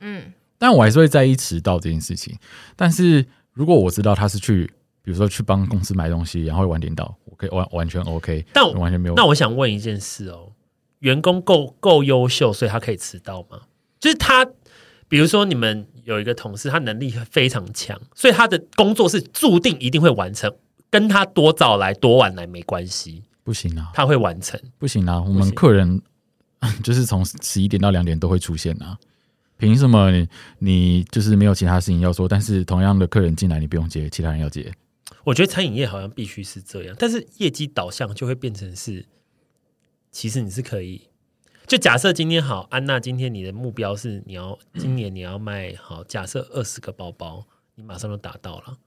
嗯，但我還是會在意遲到這件事情。但是如果我知道他是去，比如說去幫公司買東西，然後晚點到，我可以完完全 OK。但我完全沒有。那我想問一件事哦。員工夠夠優秀，所以他可以遲到嗎？就是他，比如說你們有一個同事，他能力非常強，所以他的工作是注定一定會完成，跟他多早來多晚來沒關係。不行啊，他會完成。不行啊，我們客人就是從十一點到兩點都會出現啊，憑什麼你，你就是沒有其他事情要說？但是同樣的客人進來，你不用接，其他人要接。我覺得餐飲業好像必須是這樣，但是業績導向就會變成是。其實你是可以，就假設今天好，安娜今天你的目標是你要今年你要賣好，假設二十個包包，你馬上就達到了。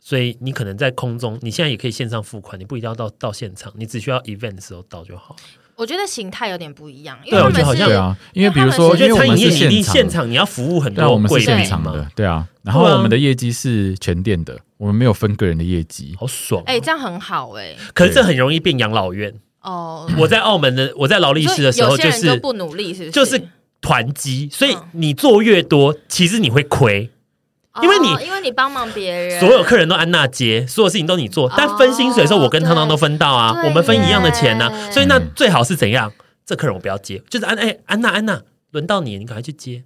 所以你可能在空中，你現在也可以線上付款，你不一定要到到現場，你只需要 event 的時候到就好。我覺得形態有點不一樣，因為對，我覺得好像對、啊、因為比如說，因為餐飲業是現場，你，你，現場你要服務很多，我們是現場嘛。對啊。然後我們的業績是，、啊、是全店的，我們沒有分個人的業績，好爽、啊，哎、欸，這樣很好、欸，哎，可是這很容易變養老院。哦、oh, okay. 我在澳門的，我在勞力士的時候就是不努力是不是，就是團結，所以你做越多，oh. 其實你會虧，因為你、oh, 因為你幫忙別人，所有客人都安娜接，所有事情都你做，oh, 但分薪水的時候，我跟湯湯都分到啊，我們分一樣的錢啊，所以那最好是怎樣、嗯？這客人我不要接，就是安哎安娜安娜，輪到你，你趕快去接，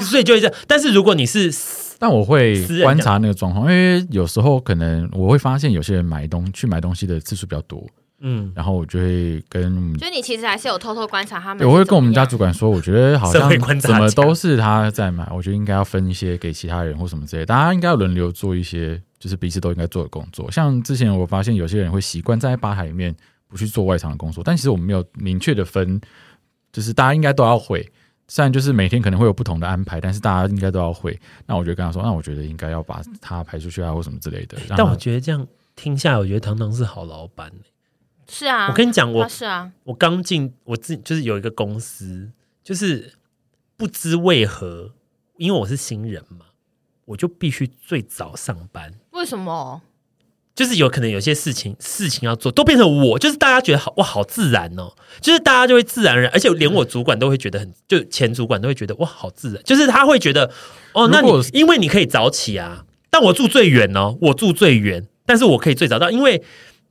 所以就會這樣。但是如果你是，但我會觀察那個狀況，因為有時候可能我會發現有些人買東去買東西的次數比較多。嗯，然後我就會跟，就你其實還是有偷偷觀察他們。我會跟我們家主管說，我覺得好像怎麼都是他在買，我覺得應該要分一些給其他人或什麼之類，大家應該要輪流做一些，就是彼此都應該做的工作。像之前我發現有些人會習慣站在吧台裡面不去做外場的工作，但其實我們沒有明確的分，就是大家應該都要會。雖然就是每天可能會有不同的安排，但是大家應該都要會。那我就跟他說，那我覺得應該要把他排出去啊，或什麼之類的、欸。但我覺得這樣聽下來，我覺得湯湯是好老板、欸。是啊，我跟你講，我啊是啊，我剛進我自就是有一個公司，就是不知為何，因為我是新人嘛，我就必須最早上班。為什麼？就是有可能有些事情事情要做，都變成我，就是大家覺得好哇，好自然哦，就是大家就會自然而然，而且連我主管都會覺得很，嗯，就前主管都會覺得哇，好自然，就是他會覺得哦，那你因為你可以早起啊，但我住最遠哦，我住最遠，但是我可以最早到，因為。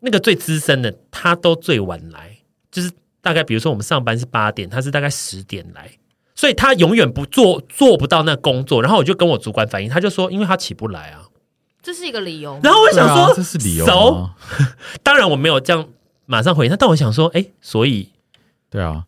那個最資深的他都最晚來，就是大概比如說我們上班是八點，他是大概十點來，所以他永遠不做做不到那工作。然後我就跟我主管反映，他就說因為他起不來啊，這是一個理由。然後我想說、啊、這是理由，當然我沒有這樣馬上回應，但我想說，哎、欸，所以對啊，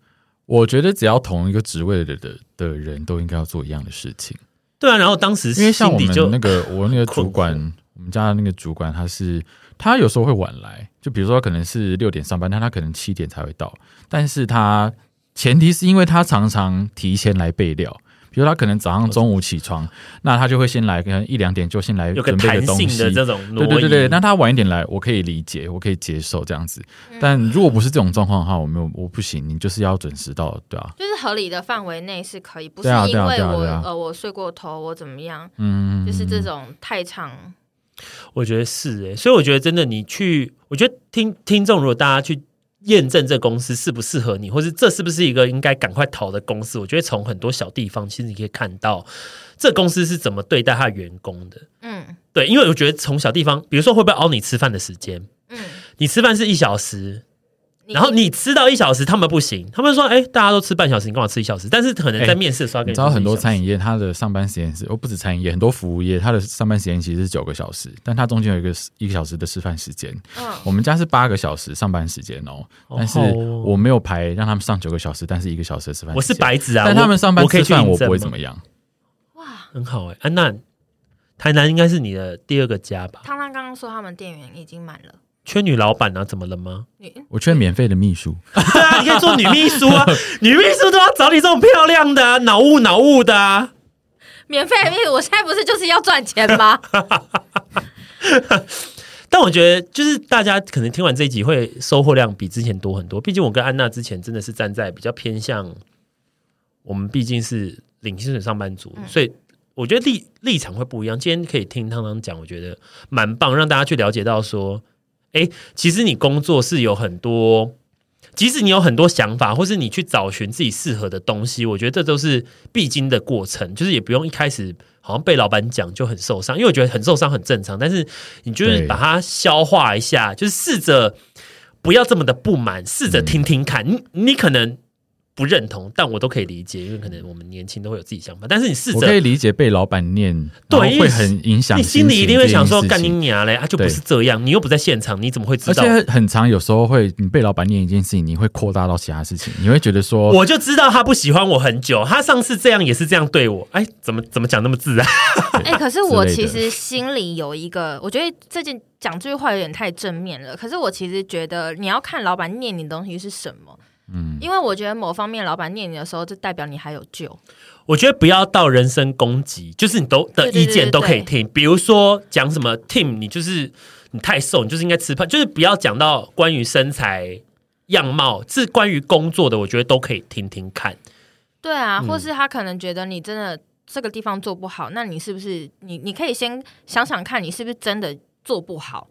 我覺得只要同一個職位的的的人都應該要做一樣的事情，對啊。然後當時心因為像我們就那個我那個主管，困困我們家那個主管他是。他有時候會晚來，就比如說，可能是六點上班，但他可能七點才會到。但是他前提是因為他常常提前來備料，比如他可能早上、中午起床，那他就會先來，可能一兩點就先來，有個彈性的這種。對對對對，那他晚一點來，我可以理解，我可以接受這樣子。但如果不是這種狀況的話，我沒有，我不行，你就是要準時到，對吧、啊？就是合理的範圍內是可以，不是因為我、啊啊啊啊、呃我睡過頭，我怎麼樣？嗯，就是這種太長。嗯我覺得是、欸、所以我覺得真的，你去，我覺得聽聽眾如果大家去驗證這公司適不適合你，或是這是不是一個應該趕快逃的公司，我覺得從很多小地方其實你可以看到這公司是怎麼對待他員工的。嗯，對，因為我覺得從小地方，比如說會不會熬你吃飯的時間？嗯，你吃飯是一小時。然後你吃到一小時，他們不行，他們說哎、欸，大家都吃半小時，你跟我吃一小時。但是可能在面試刷給你、欸。你知道很多餐飲業，他的上班時間是，哦不止餐飲業，很多服務業，他的上班時間其實是九個小時，但他中間有一個一個小時的吃飯時間、嗯。我們家是八個小時上班時間、喔、哦，但是我沒有排讓他們上九個小時，但是一個小時的吃飯，我是白紙啊。但他們上班吃飯，我不會怎麼樣。哇，很好哎、欸，安、啊、南，台南應該是你的第二個家吧？湯湯剛剛說他們店員已經滿了。缺女老闆啊？怎麼了嗎？我缺免費的秘書。 對啊，你可以做女秘書啊！ 女秘書都要找你這種漂亮的、啊，腦霧腦霧的啊！免費秘書，我現在不是就是要賺錢嗎？ 但我覺得，就是大家可能聽完這一集會收穫量比之前多很多。畢竟我跟安娜之前真的是站在比較偏向，我們畢竟是領薪水上班族、嗯，所以我覺得立立場會不一樣。今天可以聽湯湯講，我覺得蠻棒，讓大家去了解到說。誒、欸，其實你工作是有很多，即使你有很多想法，或是你去找尋自己適合的東西，我覺得這都是必經的過程。就是也不用一開始好像被老闆講就很受傷，因為我覺得很受傷很正常。但是你就是把它消化一下，就是試着不要這麼的不滿，試着聽聽看，嗯、你你可能。不認同，但我都可以理解，因為可能我們年輕都會有自己想法。但是你試着，我可以理解被老板念，對，會很影響。你心裡一定會想說，幹你娘嘞，他、啊、就不是這樣。你又不在現場，你怎麼會知道？而且很常，有時候會你被老板念一件事情，你會擴大到其他事情，你會覺得說，我就知道他不喜歡我很久。他上次這樣也是這樣對我，哎，怎麼怎麼講那麼自然？哎 欸，可是我其實心裡有一個，我覺得這件講這句話有點太正面了。可是我其實覺得你要看老板念你的東西是什麼。嗯，因為我覺得某方面老闆念你的時候，就代表你還有救。我覺得不要到人身攻擊，就是你都的意見都可以聽。對對對對對對，比如說講什麼 Tim，你就是你太瘦，你就是應該吃胖，就是不要講到關於身材樣貌，是關於工作的，我覺得都可以聽聽看。對啊，或是他可能覺得你真的這個地方做不好，嗯、那你是不是你你可以先想想看你是不是真的做不好？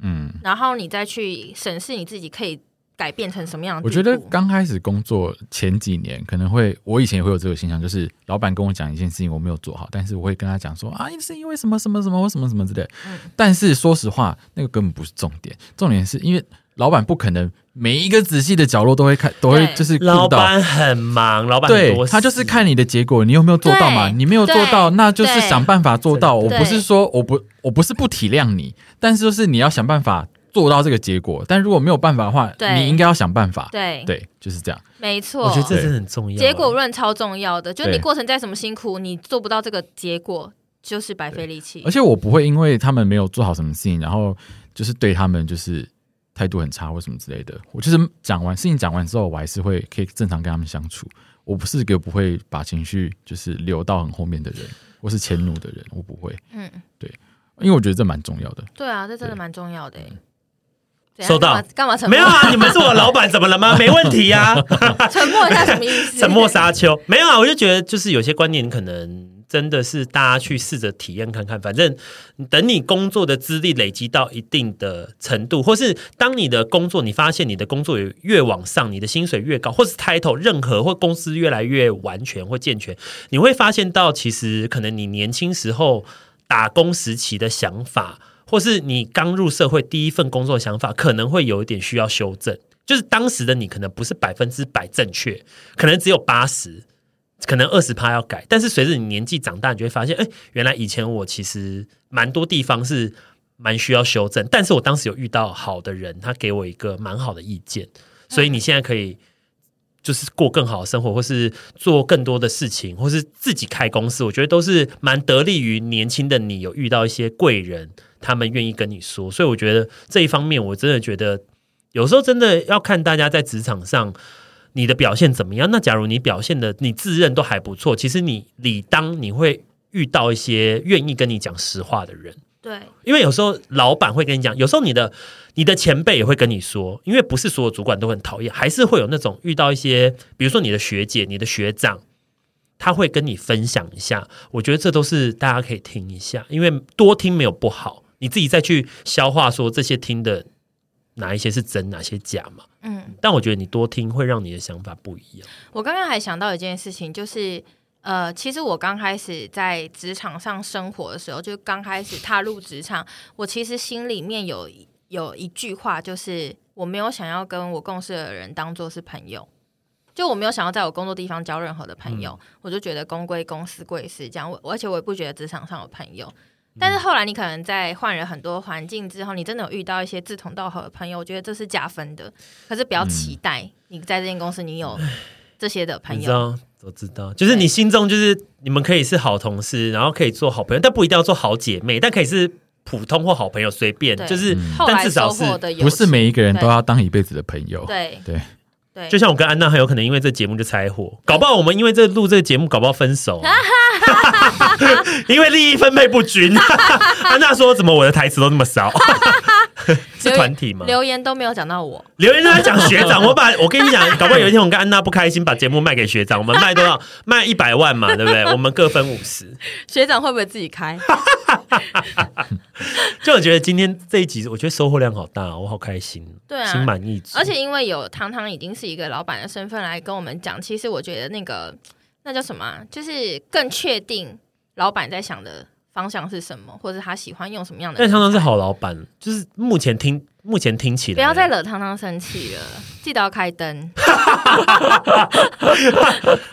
嗯，然後你再去審視你自己可以。改變成什麼樣？我覺得剛開始工作前幾年，可能會我以前也會有這個現象，就是老板跟我講一件事情，我沒有做好，但是我會跟他講說啊，是因為什麼什麼什麼什麼什麼，什麼，什麼之類的。嗯。但是說實話，那個根本不是重點，重點是因為老板不可能每一個仔細的角落都會看，都會就是顧到，老板很忙，老板對他就是看你的結果，你有沒有做到嘛？你沒有做到，那就是想辦法做到。我不是說我不，我不是不體諒你，但是就是你要想辦法。做到這個結果，但如果沒有辦法的話，你應該要想辦法。對對，就是這樣。沒錯，我覺得這真的很重要。結果論超重要的，就是、你過程再怎麼辛苦，你做不到這個結果，就是白費力氣。而且我不會因為他們沒有做好什麼事情，然後就是對他們就是態度很差或什麼之類的。我就是講完事情講完之後，我還是會可以正常跟他們相處。我不是一個不會把情緒就是留到很後面的人，我 是遷怒的人，我不會。嗯，對，因為我覺得這蠻重要的。對啊，這真的蠻重要的、欸。收到？幹嘛，幹嘛？沒有啊，你們是我老闆， 怎麼了嗎？沒問題啊 沉默一下什麼意思？沉默沙丘沒有啊，我就覺得就是有些觀念可能真的是大家去試着體驗看看。反正等你工作的資歷累積到一定的程度，或是當你的工作你發現你的工作越往上，你的薪水越高，或是 title 任何或公司越來越完全或健全，你會發現到其實可能你年輕時候打工時期的想法。或是你剛入社會第一份工作，想法可能會有一點需要修正，就是當時的你可能不是百分之百正確，可能只有八十，可能二十趴要改。但是隨着你年紀長大，你就會發現，哎、欸，原來以前我其實蠻多地方是蠻需要修正。但是我當時有遇到好的人，他給我一個蠻好的意見，所以你現在可以就是過更好的生活，或是做更多的事情，或是自己開公司，我覺得都是蠻得利於年輕的你有遇到一些貴人。他們願意跟你說，所以我覺得這一方面，我真的覺得有時候真的要看大家在職場上你的表現怎麼樣。那假如你表現得你自認都還不錯，其實你理當你會遇到一些願意跟你講實話的人。對，因為有時候老板會跟你講，有時候你的你的前輩也會跟你說，因為不是所有主管都很討厭，還是會有那種遇到一些，比如說你的學姐、你的學長，他會跟你分享一下。我覺得這都是大家可以聽一下，因為多聽沒有不好。你自己再去消化，說這些聽的哪一些是真，哪些假嘛？嗯，但我覺得你多聽會讓你的想法不一樣。我剛剛還想到一件事情，就是呃，其實我剛開始在職場上生活的時候，就剛開始踏入職場， 我其實心裡面有有一句話，就是我沒有想要跟我共事的人當做是朋友，就我沒有想要在我工作地方交任何的朋友，嗯、我就覺得公歸公司貴是這樣我，我而且我也不覺得職場上有朋友。但是後來，你可能在換了很多環境之後，你真的有遇到一些志同道合的朋友，我覺得這是加分的。可是比較期待你在這間公司，你有這些的朋友、嗯，我知道，就是你心中就是你們可以是好同事，然後可以做好朋友，但不一定要做好姐妹，但可以是普通或好朋友隨，隨便就是、嗯。但至少是，不是每一個人都要當一輩子的朋友。對對對，對，就像我跟安娜，很有可能因為這節目就拆夥，搞不好我們因為這錄這個節目，搞不好分手、啊。 因為利益分配不均， 安娜說：“怎麼我的台詞都那麼少 ？”是團體嗎？留言都沒有講到我 ，留言都在講學長。我把我跟你講，搞不好有一天我跟安娜不開心，把節目賣給學長， 我們賣多少？賣一百萬嘛， 對不對？我們各分五十。學長會不會自己開？ 就我覺得今天這一集，我覺得收穫量好大，我好開心。對啊，心滿意足。而且因為有湯湯，湯湯已經是一個老闆的身份來跟我們講，其實我覺得那個那叫什麼、啊，就是更確定。老板在想的方向是什麼，或者他喜歡用什麼樣的？但常常是好老板、嗯，就是目前聽。目前聽起來，不要再惹湯湯生氣了。記得要開燈。哈哈哈，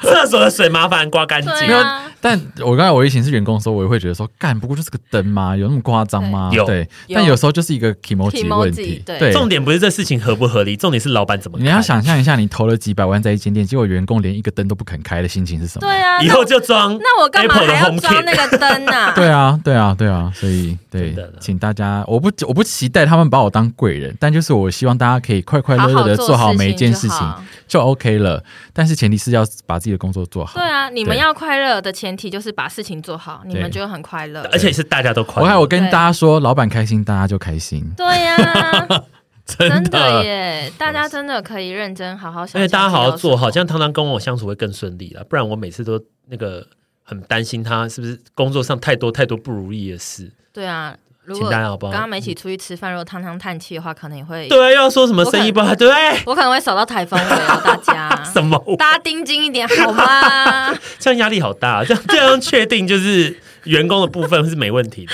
廁所的水麻煩刮乾淨、啊啊。但我剛才我以前是員工的時候，我也會覺得說，幹，不過就是個燈嗎？有那麼誇張嗎？對，有對？有。但有時候就是一個 kimochi 問題對。對。重點不是這事情合不合理，重點是老闆怎麼。你要想象一下，你投了幾百萬在一間店，結果員工連一個燈都不肯開的心情是什麼？對啊。 以後就裝。 那我幹嘛還要裝那個燈啊， 啊？對啊，對啊，對啊。所以對，請大家，我不我不期待他們把我當。貴人，但就是我希望大家可以快快樂樂的好好做，好做好每一件事情，就 OK 了。但是前提是要把自己的工作做好。對啊，你們要快樂的前提就是把事情做好，你們覺得很快樂。而且是大家都快樂。我還我跟大家說，老板開心，大家就開心。對呀、啊， 真的耶！大家真的可以認真好好想想，因、欸、為大家好好做好，這樣湯湯跟我相處會更順利了。不然我每次都那個很擔心他是不是工作上太多太多不如意的事。對啊。請大家好不好，剛剛沒一起出去吃飯，嗯、如果湯湯嘆氣的話，可能也會對又要說什麼生意不好，對？我可能會掃到颱風、哦， 大家什麼？ 大家盯緊一點好嗎？ 這樣壓力好大，這樣這樣確定就是員工的部分是沒問題的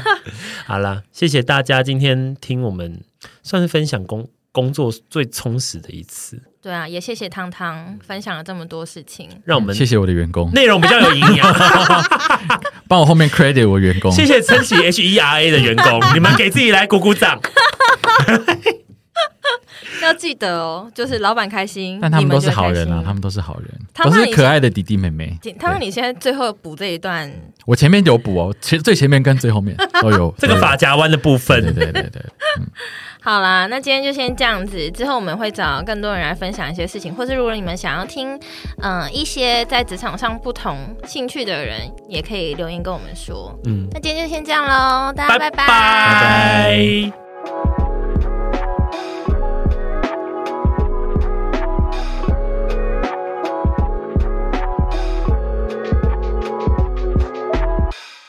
好啦，謝謝大家今天聽我們算是分享工工作最充實的一次。對啊，也謝謝湯湯分享了這麼多事情，讓我們謝謝我的員工，內容比較有營養，啊，幫 我後面 credit 我員工，謝謝晨曦 H E R A 的員工， 你們給自己來鼓鼓掌， 要記得哦，就是老闆開心，但他們都是好人啊，他們都是好人，都是可愛的弟弟妹妹。他說你，你現在最後補這一段，嗯，我前面有補哦，前最前面跟最後面都有， 都有這個髮夾彎的部分，對對對、對、對。嗯好啦，那今天就先這樣子。之後我們會找更多人來分享一些事情，或是如果你們想要聽，嗯、呃，一些在職場上不同興趣的人，也可以留言跟我們說。嗯，那今天就先這樣嘍，大家拜拜。拜拜。拜拜。